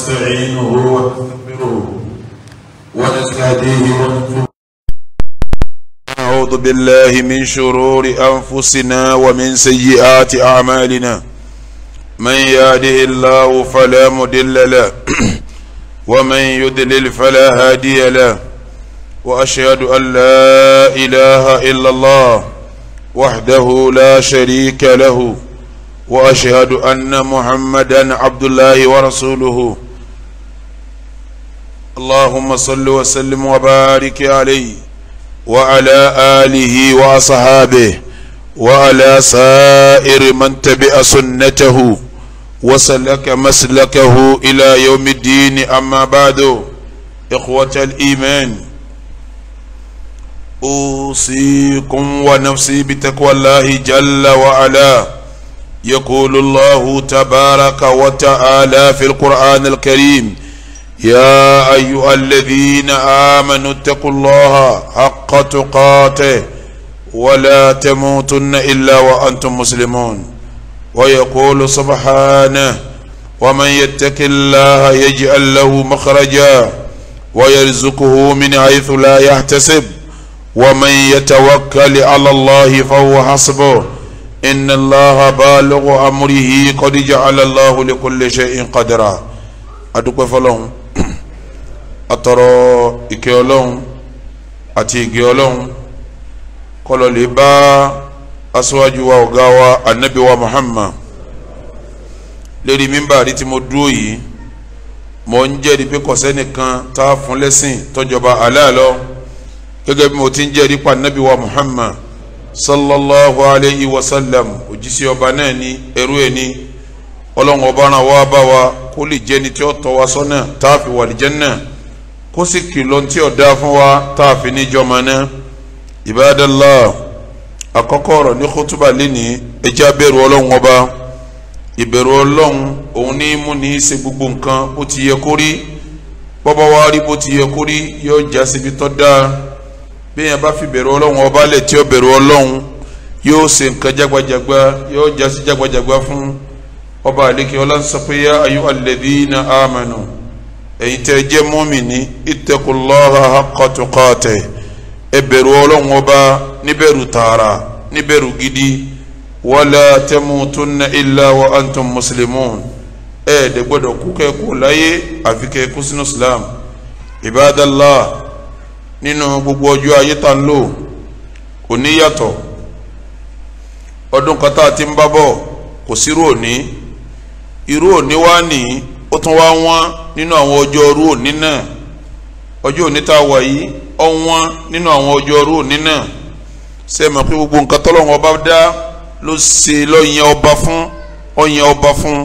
ونستعينه ونستغفره ونستهديه ونتوب اعوذ بالله من شرور أنفسنا ومن سيئات أعمالنا من يهده الله فلا مضل له ومن يضلل فلا هادي له وأشهد أن لا إله إلا الله وحده لا شريك له وأشهد أن محمدا عبد الله ورسوله اللهم صل وسلم وبارك عليه وعلى آله وأصحابه وعلى سائر من تبع سنته وسلك مسلكه إلى يوم الدين أما بعد إخوة الإيمان أوصيكم ونفسي بتقوى الله جل وعلا يقول الله تبارك وتعالى في القرآن الكريم يا أيها الذين آمنوا اتقوا الله حق تقاته ولا تموتن إلا وأنتم مسلمون ويقول سبحانه ومن يتق الله يجعل له مخرجا ويرزقه من حيث لا يحتسب ومن يتوكل على الله فهو حسبه إن الله بالغ أمره قد جعل الله لكل شيء قدرا أدوك فلهم atọrọ ìkẹ́ Ọlọ́run àti ìgẹ́ Ọlọ́run kọlọ lè bá aṣáájú wa ọ̀gá wa anabi wa Muhammad lórí mímbà rí tí mo dúró yìí mo ń jẹ́rìí pé kò sẹ́nìkan tá a fún lẹ́sìn tọ́jọba aláàlọ́ gẹ́gẹ́ bí mo ti ń jẹ́rìí pa anabi wa Muhammad sallallahu alayhi wa sallam òjíṣẹ́ ọba náà ni ẹrú ẹ̀ ni ọlọ́run ọba náà wá bá wa kó lè jẹ́ ni tí ó tọ́ wa sọ́nà tá a fi wà lè náà kó sì kìlọ̀ tí ọ̀dá fún wa tá a fi níjọ́ ma ná ìbádọ́lá àkọ́kọ́ ọ̀rọ̀ ní kótóbà lénìí ẹjẹ́ abẹ́rù ọlọ́run ọba ìbẹ̀rù ọlọ́run òun ní mú ní í ṣe gbogbo nǹkan bó ti yẹ kó rí bọ́bá wa rí bó ti yẹ kó yóò já síbi tó dáa bí yẹn bá fi bẹ̀rù ọlọ́run ọba lẹ̀ tí ó bẹ̀rù ọlọ́run yóò ṣe nǹkan jagbajagba yóò já sí jagbajagba fún ọba àlekè ọlá ń sọ pé yá ayú alladhina amanu ẹ̀yin tẹ́ jẹ́ mọ́mìnì ittaqullaha haqqa tuqatih ẹ bẹ̀rù ọlọ́run ọba níbẹ̀rù tààrà níbẹ̀rù gidi wala tamutunna illa wa antum muslimun ẹ dẹ̀ gbọ́dọ̀ kú kẹ́kù láyé àfi kẹ́kù sínú islam ibadallah nínú gbogbo ọjọ́ ayé tá ń lò kò ní yàtọ̀ ọdún kan tá ń bá bọ̀ kò sírú òní irú òní wá nìyí ó tún wá wọ́n nínú àwọn ọjọ́ òru òní náà ọjọ́ òní tá a wà yìí ó wọ́n nínú àwọn ọjọ́ òru òní náà ṣe mọ̀ pé gbogbo nǹkan tọ́lọ́run ọba dá ló ṣe lọ́yìn ọba fún ọyìn ọba fún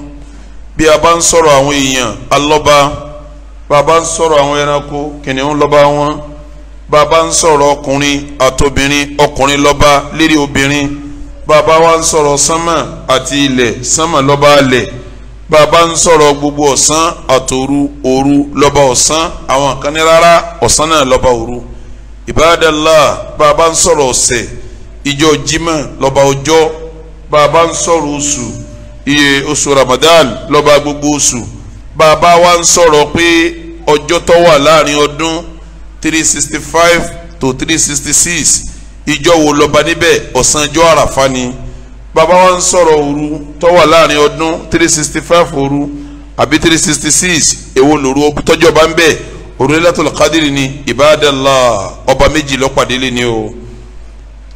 bí a bá ń sọ̀rọ̀ àwọn èèyàn alọ́ba bá a bá ń sọ̀rọ̀ àwọn ẹranko kìnìún lọ́ba wọn bá a bá ń sọ̀rọ̀ ọkùnrin àtobìnrin ọkùnrin lọ́ba lérí obìnrin bá a bá wá ń sọ̀rọ̀ sánmà àti ilẹ̀ sánmà lọ́ba alẹ̀ bàbá ń sọ̀rọ̀ gbogbo ọ̀sán àtòru òru lọ́ba ọ̀sán àwọn kan ní rárá ọ̀sán náà lọ́ba òru ìbádàlá bàbá ń sọ̀rọ̀ ọ̀sẹ̀ ìjọ jímọ̀ lọ́ba ọjọ́ bàbá ń sọ̀rọ̀ oṣù iye oṣù Ramadan lọ́ba gbogbo oṣù bàbá wa ń sọ̀rọ̀ pé ọjọ́ tó wà láàrin ọdún three sixty five to three sixty six ìjọ wo lọ́ba níbẹ̀ ọ̀sán ọjọ́ àràfá ni bàbá wa ń sọ̀rọ̀ òru tó wà láàrin ọdún three sixty five òru àbí three sixty six èwo lòru tọ́jọ́ bá ń bẹ̀ òru Lailatul Qadri ni ibadallah ọba méjì lọ́pàdé lé ní o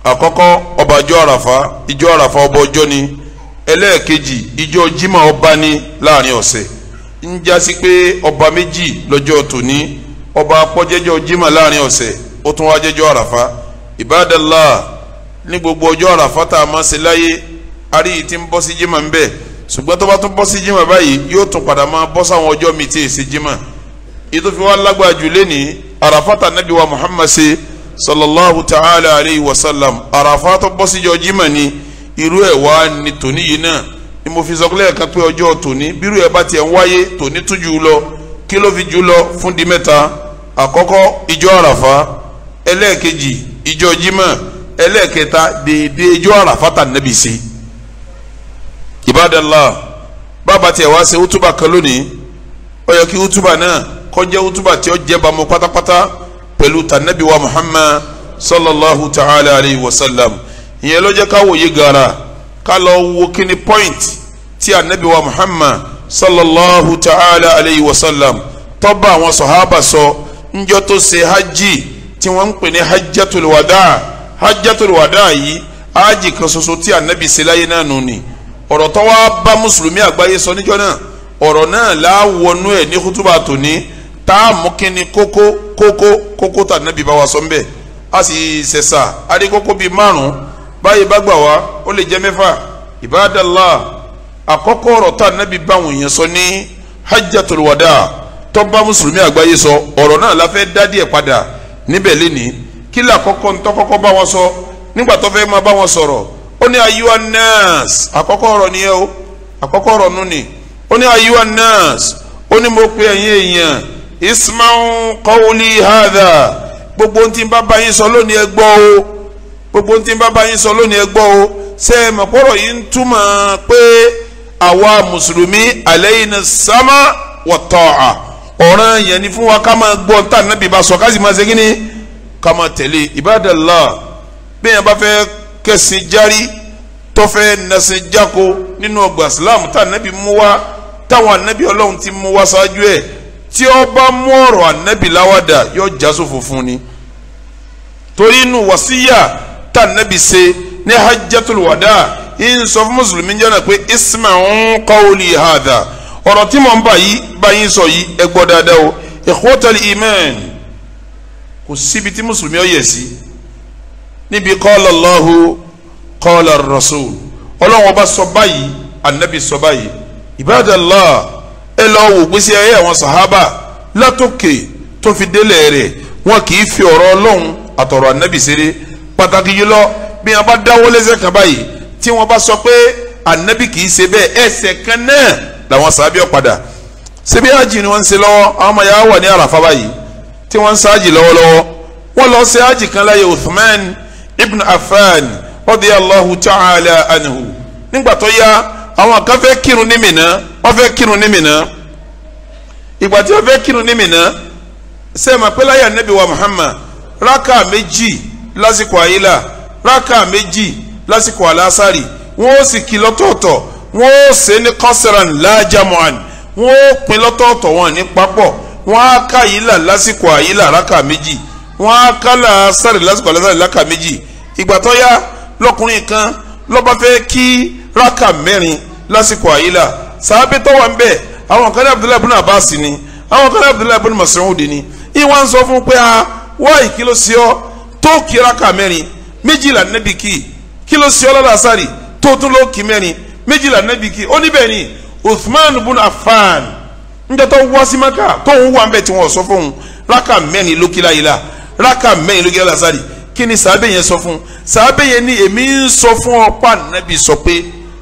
àkọ́kọ́ ọba ìjọ àràfà ìjọ àràfà ọba ọjọ́ ni ẹlẹ́ẹ̀kejì ìjọ jimá ọba ni láàrin ọ̀sẹ̀ ń jásí pé ọba méjì lọ́jọ́ tòní ọba apọ́jẹ́jọ́ jimá láàrin ọ̀sẹ̀ ó tún wá jẹ́jọ́ àràfà ibadallah ní gbogbo ọjọ́ àràfà tá a máa ṣe láyé ari yìí ti ń bọ́ sí jimá ń bẹ́ẹ̀ ṣùgbọ́n tó bá tún bọ́ sí jimá báyìí yóò tún padà máa bọ́ sáwọn ọjọ́ mi tí èsì jimá ètò fi wá lágbára jù lẹ́ni arafata nabi wa muhammad ṣe sallallahu ta'ala alayhi wa sallam arafata bọ́ síjọ jimá ni irú ẹ̀ wá ní tòní yìí náà ni mo fi sọ pé ẹ̀ka pé ọjọ́ tòní bírú ẹ̀ bá tiẹ̀ ń wáyé tòní tún jù lọ kí ló fi jù lọ fún di mẹ́ta àkọ́kọ́ ìjọ àràfà ẹlẹ́ẹ̀kejì ìjọ jimá ẹlẹ́ẹ̀kẹta dèédé ìjọ àràfà tà nàbì Ibadallah bàbá tiẹ̀ wá ṣe útúbà kan lónìí ó yẹ kí útúbà náà kó jẹ́ útúbà tí ó jẹ́ bámu pátápátá pẹ̀lú tànàbí wa Muhammad sallallahu ta'ala alayhi wa sallam ìyẹn ló jẹ́ ká wòye gara ká lọ wo kíni point tí anabi wa Muhammad sallallahu ta'ala alayhi wa sallam tó bá àwọn sọ̀hábà sọ ńjọ́ tó ṣe hajj tí wọ́n ń pè ní hajjatul wada hajjatul wada yìí hajj kan ṣoṣo tí anabi ṣe láyé náà nù ni ọ̀rọ̀ tó wá bá mùsùlùmí àgbáyé sọ níjọ́ náà ọ̀rọ̀ náà láwọnú ẹ̀ ní kútúbà tòní tá a mú kíni kókó kókó kókó tà nàbí bá wa sọ ńbẹ a sì ṣẹ̀ṣà adé kókó bíi márùn-ún báyìí bá gbà wá ó lè jẹ́ mẹ́fà ìbádàlá àkọ́kọ́ ọ̀rọ̀ tà nàbí báwọn èèyàn sọ ní hajjatul wada tó bá mùsùlùmí àgbáyé sọ ọ̀rọ̀ náà la fẹ́ dá díẹ̀ padà níbẹ̀ lénìí kí làkọ́kọ́ ntọ́kọ́kọ́ bá wọn sọ nígbà tó ní ayuwa nurse àkọ́kọ́ ọ̀rọ̀ nìyẹn o àkọ́kọ́ ọ̀rọ̀ nù ni ó ní ayuwa nurse ó ní mo pe ẹ̀yin èèyàn ismaun qawli hadha gbogbo ohun tí ń bá bá yín sọ lónìí ẹ gbọ́ o gbogbo ohun tí yín sọ lónìí ẹ gbọ́ o ṣé ẹ mọ̀ yìí ń túmọ̀ pé àwa mùsùlùmí alayna sama wa ta'a ọ̀ràn yẹn ni fún wa ká máa gbọ́ tá nàbí bá sọ máa ṣe kí ni ká máa tẹ̀lé ibadallah bí yẹn bá fẹ́ kẹsìn járí tọ́fẹ́ nẹsẹ̀ jáko nínú ọgbà islam tá ànábì mú wá táwọn ànábì ọlọ́run ti mú wá ṣáájú ẹ̀ tí ó bá mú ọ̀rọ̀ ànábì láwàdà yóò já sófo ni torí inú wàsíyà tá ànábì ṣe ní hajjatul wada ń sọ fún mùsùlùmí jẹ́nà pé isma'u qawli hadha ọ̀rọ̀ tí mò ń bá yìí bá yín sọ yìí ẹ gbọ́ dáadáa o ikhwatal iman kò síbi tí mùsùlùmí ó yẹ̀ sí níbi qala Allahu qala rasul ọlọ́wọ́n bá sọ báyìí anabi sọ báyìí ibadallah ẹ lọ wò gbèsè ayé àwọn sàhábà látòkè tó fi délẹ̀ rẹ̀ wọn kì í fi ọ̀rọ̀ ọlọ́run àtọ̀rọ̀ anabi ṣeré pàtàkì jùlọ bí wọn bá dáwọ́ lẹ́sẹ̀ kan báyìí tí wọn bá sọ pé anabi kì í ṣe bẹ́ẹ̀ ẹsẹ̀ kan náà làwọn sàábì ọ̀padà ṣebí àjì ni wọ́n ń ṣe lọ́wọ́ àwọn ọmọ yàrá wà ní àràfà báyìí tí wọ́n ń ṣe lọ́wọ́lọ́wọ́ wọ́n lọ ṣe àjì kan láyé Uthman ibn Affan radiyallahu ta'ala ya nígbà tó àwọn kan fẹ́ kírun ní Mínà wọ́n fẹ́ kírun ní Mínà ìgbà tí wọ́n fẹ́ kírun ní Mínà sẹ́ẹ̀mà nẹ́bí wa Muhammad rákà méjì lásìkò àyílà rákà méjì lásìkò àlásàrì wọ́n ó sì kí lọ́tọ̀ọ̀tọ̀ wọ́n ó ní kọ́sẹ̀rán lájàmọ́án wọ́n ó lọ́tọ̀ọ̀tọ̀ wọn ní papọ̀ wọ́n á ká àyílà lásìkò àyílà rákà méjì wọ́n lọkùnrin kan lọ́ba fẹ́ kí rákà mẹ́rin lásìkò àyílà sàábé tọ́wọ́ ń bẹ̀ àwọn kan ní abdullahi ibn abbas ni àwọn kan ní abdullahi ibn mas'ud ni ìwà ń sọ fún pé a ah, wá ìkìlọ̀ sí ọ tó kí rákà mẹ́rin méjìlá nẹ́bì kì kìlọ̀ sí ọ lọ́dà sáré tó tún ló kí mẹ́rin méjìlá nẹ́bì kì ó níbẹ̀ ni uthman ibn affan níjọ́ tó wá sí maka tó ń wà ń bẹ̀ tí wọ́n sọ fún un rákà mẹ́rin lókìlá yìí la rákà mẹ́rin lókìlá kí ni sàábẹ̀ yẹn sọ fún sàábẹ̀ yẹn ni èmi ń sọ fún ọ̀pá nàbì sọ pé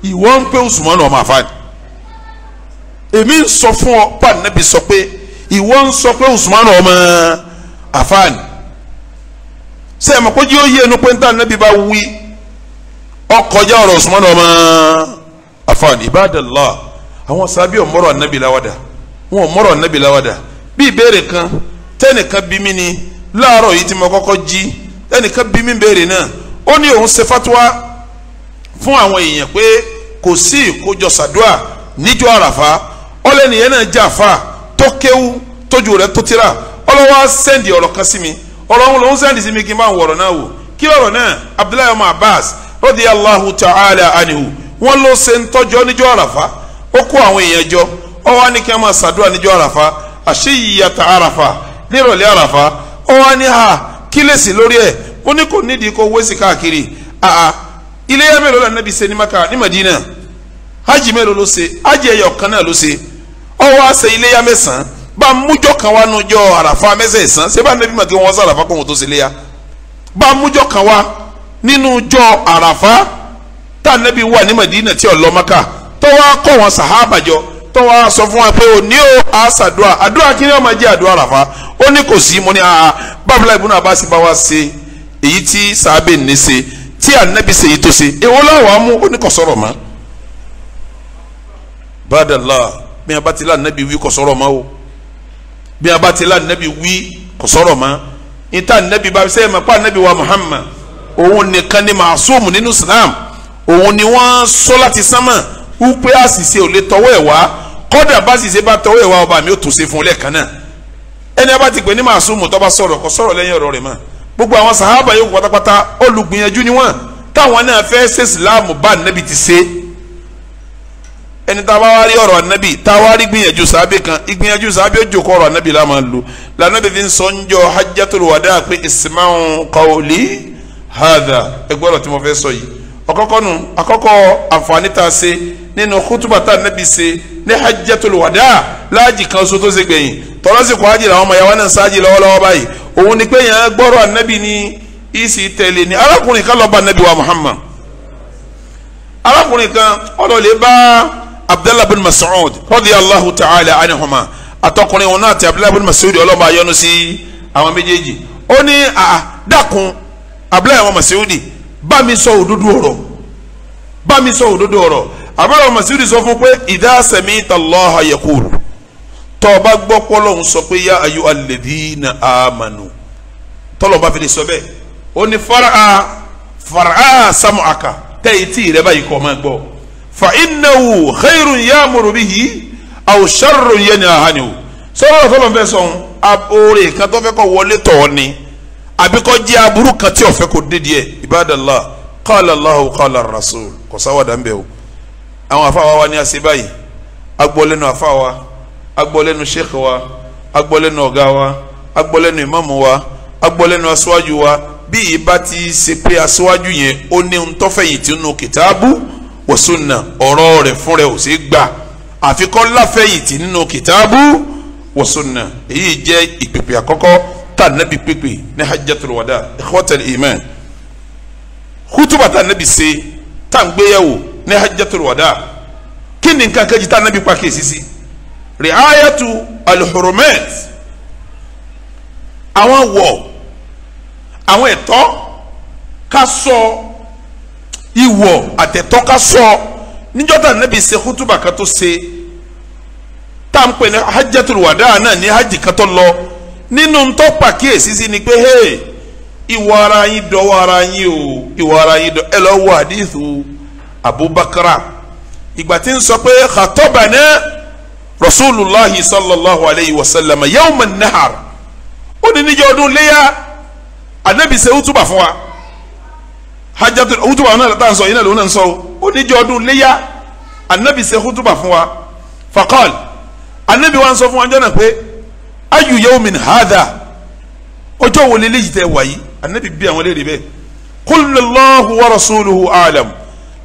ìwọ ń pé Usman ọmọ àfa ni èmi ń sọ fún ọ̀pá nàbì sọ pé ìwọ ń sọ pé Usman ọmọ àfa ni ṣé ẹ̀ mọ̀ pé yóò yé ẹnu pé ń tà nàbì bá wí ọkọjá ọ̀rọ̀ Usman ọmọ àfa ni àwọn sàábẹ̀ ọ̀mọ́rọ̀ nàbì láwàdà wọn ọ̀mọ́rọ̀ nàbì láwàdà bí ìbéèrè kan tẹ́nìkan bí mi ni láàárọ̀ yìí tí mo kọ́kọ́ jí ẹnìkan bí mi béèrè náà ó ní òun ṣe fatuwa fún àwọn èèyàn pé kò sí ìkójọ sàdúà níjọ́ àràfà ọlẹ́nìyẹn náà jẹ́ àfà tó kéwú tójú rẹ̀ tó tira ọlọ́wọ́ sẹ́ndì ọ̀rọ̀ kan sí mi ọ̀rọ̀ òun lòún sẹ́ndì sí mi kí n bá ń wọ̀rọ̀ náà wò kí lọ́rọ̀ náà Abdullahi ọmọ Abbas radiyallahu ta'ala anhu wọ́n ló ṣe ń tọ́jọ́ níjọ́ àràfà ó kó àwọn èèyàn jọ ó wá ní ha kí lè sí lórí ẹ̀ ó ní kò nídìí kó wé sí káàkiri àà iléyá mélòó la nàbì ṣe ní maka ní madina hajj mélòó ló ṣe hajj ẹyọ kan náà ló ṣe ọwọ́ àṣẹ iléyá mẹ́sàn-án bá mújọ́ kan wá nújọ́ àràfà mẹ́sàn-án ṣé bá nàbì màkì wọn sọ àràfà kóhun tó ṣe léyà bá mújọ́ kan wá nínú jọ́ àràfà tá nàbì wà ní madina tí ó lọ maka tó wá wọn sàhábà tó wá sọ fún wa pé òní o a ṣàdúrà àdúrà kí ni ó máa àdúrà ràfà ó ní kò sí mo ní àhà bábílà ìbùnú àbáṣe bá wa ṣe èyí tí sàábẹ̀ ní ṣe tí ànábì ṣe èyí tó ṣe èwo láwọn amú ó ní kò sọ̀rọ̀ mọ́ bàdàlà bí a bá ti lànàbì wí kò sọ̀rọ̀ mọ́ o bí a bá ti lànàbì wí kò sọ̀rọ̀ mọ́ níta ànábì bá sẹ́yìn mọ́ pa ànábì wa Muhammad òun nìkan ni màásùmù nínú Islam òun ni wọ́n sọ láti sánmà wípé àṣìṣe ò lè tọwọ́ ẹ̀ wá kọ́dà bá sì ṣe bá tọwọ́ ìwà ọba mi ó tún ṣe fún un lẹ́ẹ̀kan náà ẹni a bá ti pè ní màsúmù tó bá sọ̀rọ̀ kò sọ̀rọ̀ lẹ́yìn ọ̀rọ̀ rẹ̀ mọ́ gbogbo àwọn sàhábà yòókù pátápátá olùgbìyànjú ni wọ́n táwọn náà fẹ́ ṣe ìsìláàmù bá nẹ́bi ti ṣe ẹni tá a bá wá rí ọ̀rọ̀ ànábì tá a wá rí gbìyànjú sàábì kan ìgbìyànjú sàábì ó jòkó ọ̀rọ̀ ànábì la máa lò lànàbì fi ń sọ ń jọ hajjatul wada pé isma'u qawli hadha ẹgbẹ́ ọ̀rọ̀ tí mo fẹ́ sọ yìí ọ̀kọ́kọ́ nu àkọ́kọ́ àǹfààní tá a ṣe nínú kútùbà tá a nẹ́bi ṣe ní hajjatul wada láàjì kan so tó ṣe gbẹ̀yìn tọ́lọ́sìkò hajj làwọn ọmọ yàrá náà ṣáájì lọ́wọ́lọ́wọ́ báyìí òun ni pé yẹn gbọ́rọ̀ ànẹ́bi ní ìsì tẹ̀lé ni arákùnrin kan lọ́ọ́ bá ànẹ́bi wa Muhammad arákùnrin kan ọlọ́ọ̀lẹ́ bá Abdullah bin Mas'ud Allahu ta'ala anihuma àtọkùnrin òun náà ti Abdullah bin Mas'ud ọlọ́ọ̀bá yọ́nú sí àwọn méjèèjì ó ní àdàkùn Abdullah bin Mas'ud bá mi sọ òdodo ọ̀rọ̀ bá mi sọ òdodo ọ̀rọ̀ àbúrò masiri sọ fún pé idha sami'ta Allaha yaqul tó o bá gbọ́ pọ́lọ́hún sọ pé ya ayu alladhina amanu tọ́lọ̀ bá fi lè sọ bẹ́ẹ̀ ó ní fara fara sam'aka tẹ́ etí rẹ báyìí kọ́ máa gbọ́ fa innahu khayrun ya'muru bihi aw sharrun yanhahu sọ́wọ́n tọ́lọ̀ fẹ́ sọ̀hún oore kan tó fẹ́ kọ́ wọlé tọ̀ ni àbíkọ́ aburu kati kan tí ọ̀fẹ́ kò dédìí ẹ̀ ibadallah qala rasul kò sáwádà ń bẹ̀ o àwọn afáwa wa ní ase báyìí agbọ́lẹ́nu afáwa agbọ́lẹ́nu sheikh wa agbọ́lẹ́nu ọ̀gá wa agbọ́lẹ́nu imamu wa agbọ́lẹ́nu aṣáájú wa bí ìbá ti ṣe pé aṣáájú yẹn ó ní ń tọ́fẹ̀yìntì nù kìtàbù wa sunna ọ̀rọ̀ rẹ̀ fún rẹ̀ ò sí gbà àfikọ́ láfẹ̀yìntì nínú kìtàbù wa sunna èyí jẹ́ ìpèpè àkọ́kọ́ tá nabi pépè ní hajjatul wada ikhwatal iman khutuba tá nabi ṣe tá n gbéyàwó ní hajjatul wada kí ni nǹkan kejì tá nabi pàkíyè sisi riayatu alhurumat àwọn wọ àwọn ẹ̀tọ́ ká sọ ìwọ àtẹ̀tọ́ ká sọ níjọ́ tá nabi ṣe khutuba kan tó ní hajjatul wada náà ní hajj kan lọ nínú tó pàkíyèsí sí ni pé hey ìwọ ara yín dọwọ́ ara yín o ìwọ ara yín dọ ẹ lọ wo àdìsù abubakar ìgbà tí ń sọ pé khatobana rasulillahi sallallahu alayhi wa sallam yawma nahar ó ní níjọ́ ọdún léyà anabi ṣe utuba fún wa hajjatul utuba náà tá sọ yìí náà ló ń sọ ó níjọ́ ọdún léyà anabi ṣe utuba fún wa fakal anabi wa sọ fún wa jọ́nà pé ayu yawmin hadha ọjọ́ wo lele yìí tẹ wáyé anabi bí àwọn léèrè bẹ́ẹ̀ kulillahu wa rasuluhu alam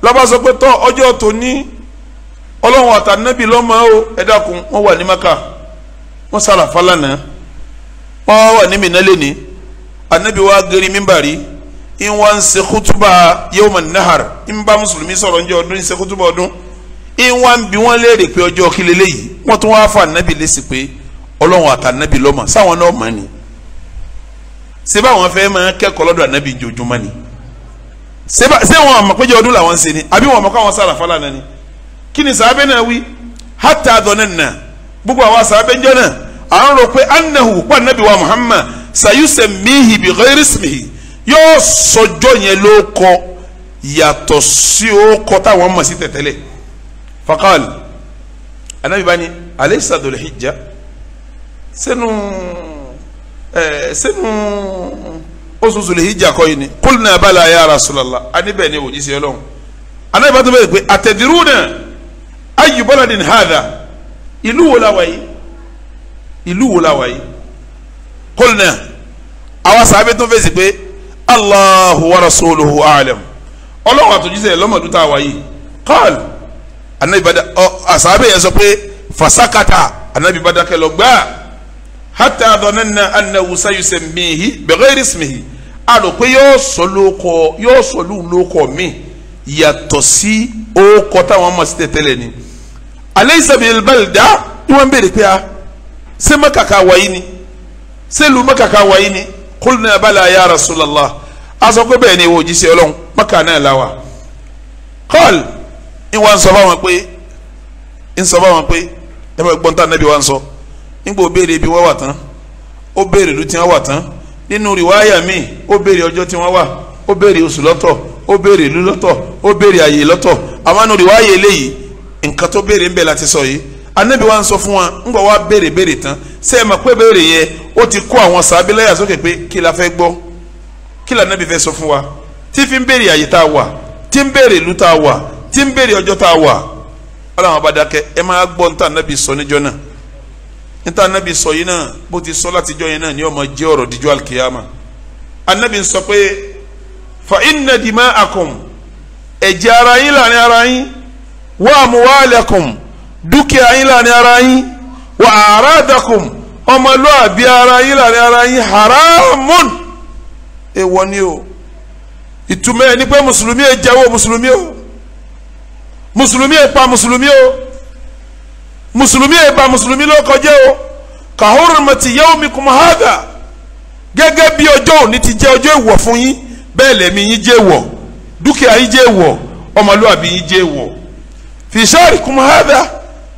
labaso pé tọ́ ọjọ́ tó ní ọlọ́run àti anabi lọ́mọ o ẹ dákun wọ́n wà ní maka wọ́n sàràfà lánàá wọ́n wà ní mìíràn lẹ́ni anabi wa gẹ́rì mímbàrí in wa ń ṣe kutuba yawman nahar in ba mùsùlùmí sọ̀rọ̀ ń jẹ́ ọdún kutuba ọdún in wa bi wọ́n léèrè pé ọjọ́ kí lélẹ́yìí wọ́n tún wá fà anabi lẹ́sìn pé ọlọ́run àtànábì lọ́mọ sáwọn náà mọ̀ ni seba àwọn fẹ́ máa kẹ́kọ̀ọ́ lọ́dọ̀ ànábì jojúmọ́ ni seba ṣé wọn àmọ̀ péjọ ọdún làwọn ń ṣe ni àbí wọn àmọ̀ kó àwọn sára fọlá náà ni kí ni sàábẹ́ náà wí hátà dọ̀nẹ́nà gbogbo àwọn sàábẹ́ jọ náà à ń rò pé anahu pa ànábì wa Muhammad sayusẹ mihi bi ghairismihi yóò sọjọ́ yẹn ló kọ yàtọ̀ sí ó kọ táwọn mọ̀ sí tẹ̀tẹ̀lẹ̀ fakal ànábì bá ní alaysa dhul sínú ẹ sínú oṣù Zulhijja kọ́ yìí ni kulna bala ya Rasulullah anibẹ̀ ni òjíṣẹ́ Ọlọ́run anabi bàtà bẹ́ẹ̀ pé atadruna ayyu baladin hadha ìlú wo la wà yìí ìlú wo la wà yìí kulna àwa sàbẹ̀ tó fèsì pé Allahu wa rasuluhu a'lam Ọlọ́run àtòjíṣẹ́ lọ́mọdún tá a wà yìí qal anabi bàtà ọ àsàbẹ̀ yẹn sọ pé fasakata anabi bàtà kẹlọ gbáà hata dhananna annahu sayusammihi bighayri ismihi a rò pé yóò sọ lóko yóò sọ lóun lóko mi yàtọ̀ sí ókọ táwọn ọmọ sí tẹ̀tẹ̀lẹ̀ ni alaysa bil balda ni wọ́n béèrè pé a ṣé mẹ́kàkà wáyé ni ṣé lu mẹ́kàkà wáyé ni qulna bala ya rasulallah a sọ pé bẹ́ẹ̀ ni ìwọ òjíṣẹ́ ọlọ́run mẹ́kà náà la wa qal ìwọ ń sọ fáwọn pé ń sọ fáwọn pé ẹ bá gbọ́ntàn nàbí wa ń sọ. So nígbà ó béèrè ibi wọ́n wà tán ó béèrè ìlú tí wọ́n wà tán nínú rìwáyà míì ó béèrè ọjọ́ tí wọ́n wà ó béèrè oṣù lọ́tọ̀ ó béèrè ìlú lọ́tọ̀ ó béèrè àyè lọ́tọ̀ àwọn nínú rìwáyà eléyìí nǹkan tó béèrè ń sọ yìí anabi wa ń sọ fún wa ńgbà wa béèrè béèrè tán ṣé ẹ mọ̀ pé béèrè ti kó àwọn sàbílẹ̀yà sókè pé kí la fẹ́ gbọ́ kí la anabi fẹ́ sọ fún wa tí fi ń béèrè àyè tá a wà tí ń béèrè ìlú tá a wà tí ń anabi sọ níjọ́ náà níta anabi sọ yìí náà bó ti sọ látijọ́ yẹn náà ni ọmọ jẹ́ ọ̀rọ̀ díjọ́ alikiyama anabi sọ pé fa inna dima'akum ẹ̀jẹ̀ ara yín láàrin ara yín wa amwalakum dúkìá yín láàrin ara yín wa aradakum ọmọlúwàbí ara yín láàrin ara yín haramun èèwọ̀ o ìtumọ̀ ẹ̀ ní pé mùsùlùmí ẹ̀ o mùsùlùmí ẹ̀ pa o mùsùlùmí ẹ bá mùsùlùmí ló kọjá o kahurmati yawmikum hadha gẹ́gẹ́ bí ọjọ́ òní ti jẹ́ ọjọ́ èèwọ̀ fún yín bẹ́ẹ̀ lẹ́mí yín jẹ́ èèwọ̀ dúkìá yín jẹ́ èèwọ̀ ọmọlúwàbí yín jẹ́ èèwọ̀ fi sharikum hadha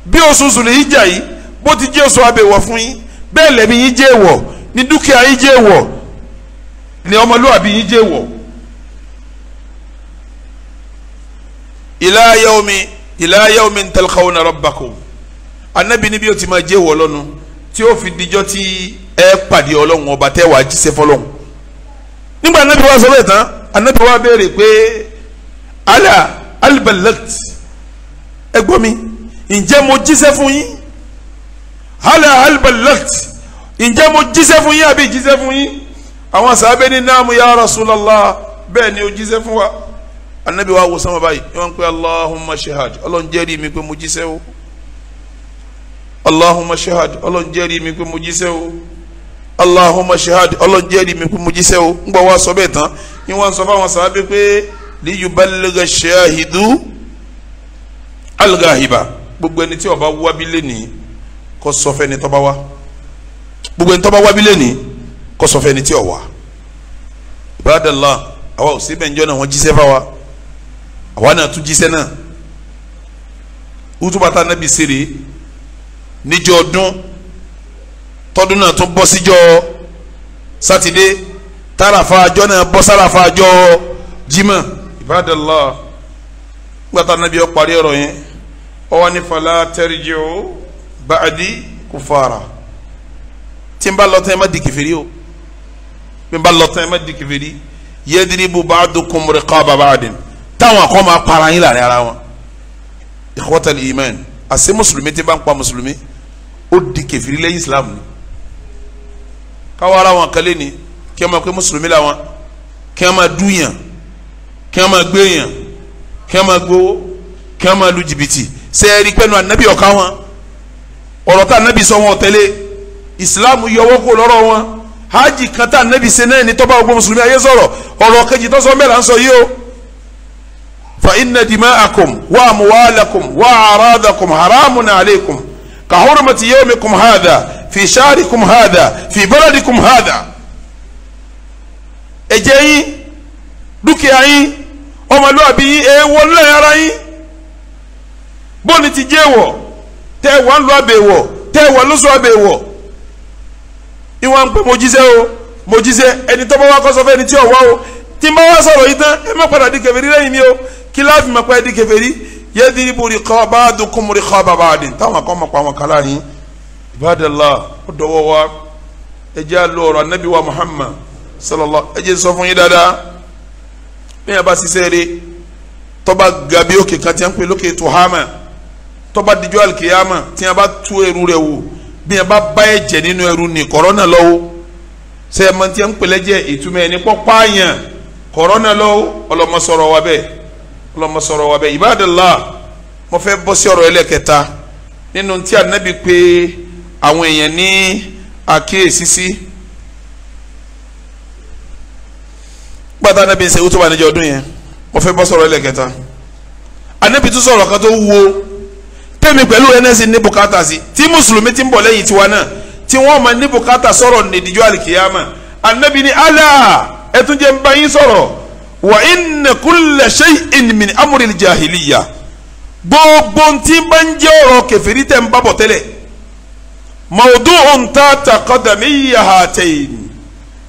bí oṣù Zulhijja yìí bó ti jẹ́ oṣù abẹ́wọ̀ fún yín bẹ́ẹ̀ lẹ́mí yín jẹ́ èèwọ̀ ní dúkìá yín jẹ́ èèwọ̀ ní ọmọlúwàbí yín jẹ́ èèwọ̀ ila yawmi ila na rabba kum anabi níbi yóò ti máa jẹ́ wọ́ lọ́nu tí ó fi dijọ́ tí ẹ pàdé ọlọ́run ọba tẹ́ wàá jíṣẹ́ fọlọ́run nígbà anabi wa sọ bẹ́ẹ̀ tán anabi wa béèrè pé ala albalagt ẹ gbọ́ mi ǹjẹ́ mo jíṣẹ́ fún yín ala albalagt ǹjẹ́ mo jíṣẹ́ fún yín àbí jíṣẹ́ fún yín àwọn sàábẹ́ ní naamu ya rasulallah bẹ́ẹ̀ ni o jíṣẹ́ fún wa anabi wa wò sánmà báyìí wọ́n ń pè allahumma shahad ọlọ́run jẹ́rìí mi pé mo jíṣẹ́ o allahumma shahad ọlọ́run jẹ́rìí mi pé mo jíṣẹ́ o allahumma shahad ọlọ́run jẹ́rìí mi pé mo jíṣẹ́ o ń gbọ́ wá sọ bẹ́ẹ̀ tán ni wọ́n sọ fáwọn sàábé pé liyuballigha shahidu algahiba gbogbo ẹni tí ó bá wábí lẹ́nìí kó sọ fẹ́ni tó bá wá gbogbo ẹni tó bá wábí lẹ́nìí kó sọ fẹ́ni tí ó wá ibadallah àwa ò síbẹ̀ ńjọ́ náà wọ́n jíṣẹ́ fáwa àwa náà tún jíṣẹ́ náà wútúbàtà nàbì sèré níjọ́ ọdún tọdún náà tún bọ́ síjọ́ sátidé tàràfà àjọ náà bọ́ sàràfà àjọ jimá ibadallah gbàtà nàbí ọ parí ọ̀rọ̀ yẹn ọwọ́ ní fala tarji'u ba'di kufara tí n bá lọ tán ẹ má di kèfèrí o bí n bá lọ tán ẹ má di kèfèrí yadribu ba'dukum riqaba ba'din táwọn akọ́ máa para yín láàrin ara wọn ikhwatal iman àṣẹ mùsùlùmí tí bá ń pa mùsùlùmí ó di kẹfìrí lẹ́yìn islam ni káwọn ara wọn kálẹ̀ ni kí wọ́n máa pé mùsùlùmí làwọn kí wọ́n máa dúnyàn kí wọ́n máa gbéyàn kí wọ́n máa gbowó kí wọ́n máa lu jìbìtì sẹ́ẹ̀rì pẹ́nu ànábì ọ̀ka wọn ọ̀rọ̀ tá ànábì sọ wọn tẹ́lẹ̀ islam yọwọ́ kó lọ́rọ̀ wọn hajj kan tá ànábì ṣe náà ní tọ́ba gbogbo mùsùlùmí ayé sọ̀rọ̀ ọ̀rọ̀ kejì tó sọ mẹ́la fa inna dima'akum wa amwalakum wa aradakum haramun alaykum كحرمة يومكم هذا في شهركم هذا في بلدكم هذا ẹ̀jẹ̀ yín dúkìá yín ọmọlúwàbí yín èèwọ̀ lẹ́yìn ara yín bóni ti jẹ́ wọ̀ tẹ́ ẹ̀ wọ́n lu àbẹ̀wọ̀ tẹ́ ẹ̀ wọ́n lóṣù àbẹ̀wọ̀ ìwọ̀n ń pẹ́ mo jíṣẹ́ o mo jíṣẹ́ ẹni tó bá wá kọ́ ẹni tí ò wá o tí n bá wá sọ̀rọ̀ yìí tán ẹ má padà di kèfèrí lẹ́yìn mi o kí láàfin máa pa ẹ di kèfèrí yadribu ba'dukum riqaba ba'din táwọn kan mọ̀ pa àwọn kala yín ibadallah ó dọwọ́ wa ẹ jẹ́ àlọ́ ọ̀rọ̀ anabi wa muhammad sallallahu ẹ jẹ́ sọ fún yín dáadáa bẹ́ẹ̀ bá ṣiṣẹ́ rẹ tọ́ba gabi òkè kan tí wọ́n ń pè lókè tuhama tọ́ba dijọ́ alikiyama tí wọ́n bá tú ẹrú rẹ wò bí wọ́n bá bá ẹ̀jẹ̀ nínú ẹrú ni kọ́rọ́nà lọ́wọ́ sẹ́yìn mọ́tí wọ́n ń pè lẹ́jẹ̀ ìtumẹ̀ ọlọ́mọ sọ̀rọ̀ wa bẹ́ẹ̀ ibadallah mo fẹ́ bọ́ sí ọ̀rọ̀ ẹlẹ́kẹta nínú tí anabi pé àwọn èèyàn ní àkíyèsí sí gbàtà anabi ń ṣe wútúbà níjọ ọdún yẹn mo fẹ́ bọ́ sọ̀rọ̀ ẹlẹ́kẹta anabi tún sọ̀rọ̀ kan tó wúwo tèmi pẹ̀lú nsc ní bùkátà sí tí mùsùlùmí ti ń bọ̀ lẹ́yìn tiwa náà tí wọ́n máa ní bùkátà sọ̀rọ̀ nídìjọ́ àlìkìyàmà anabi ní Allah ẹ ń bá yín sọ̀rọ̀ wa inna kulla shay'in min amri al-jahiliya gbogbo ntí bá ń jẹ́ ọ̀rọ̀ kẹfìrí tẹ̀ ń bábọ̀ tẹ́lẹ̀ mawdu'un tata qadamiyya hatayn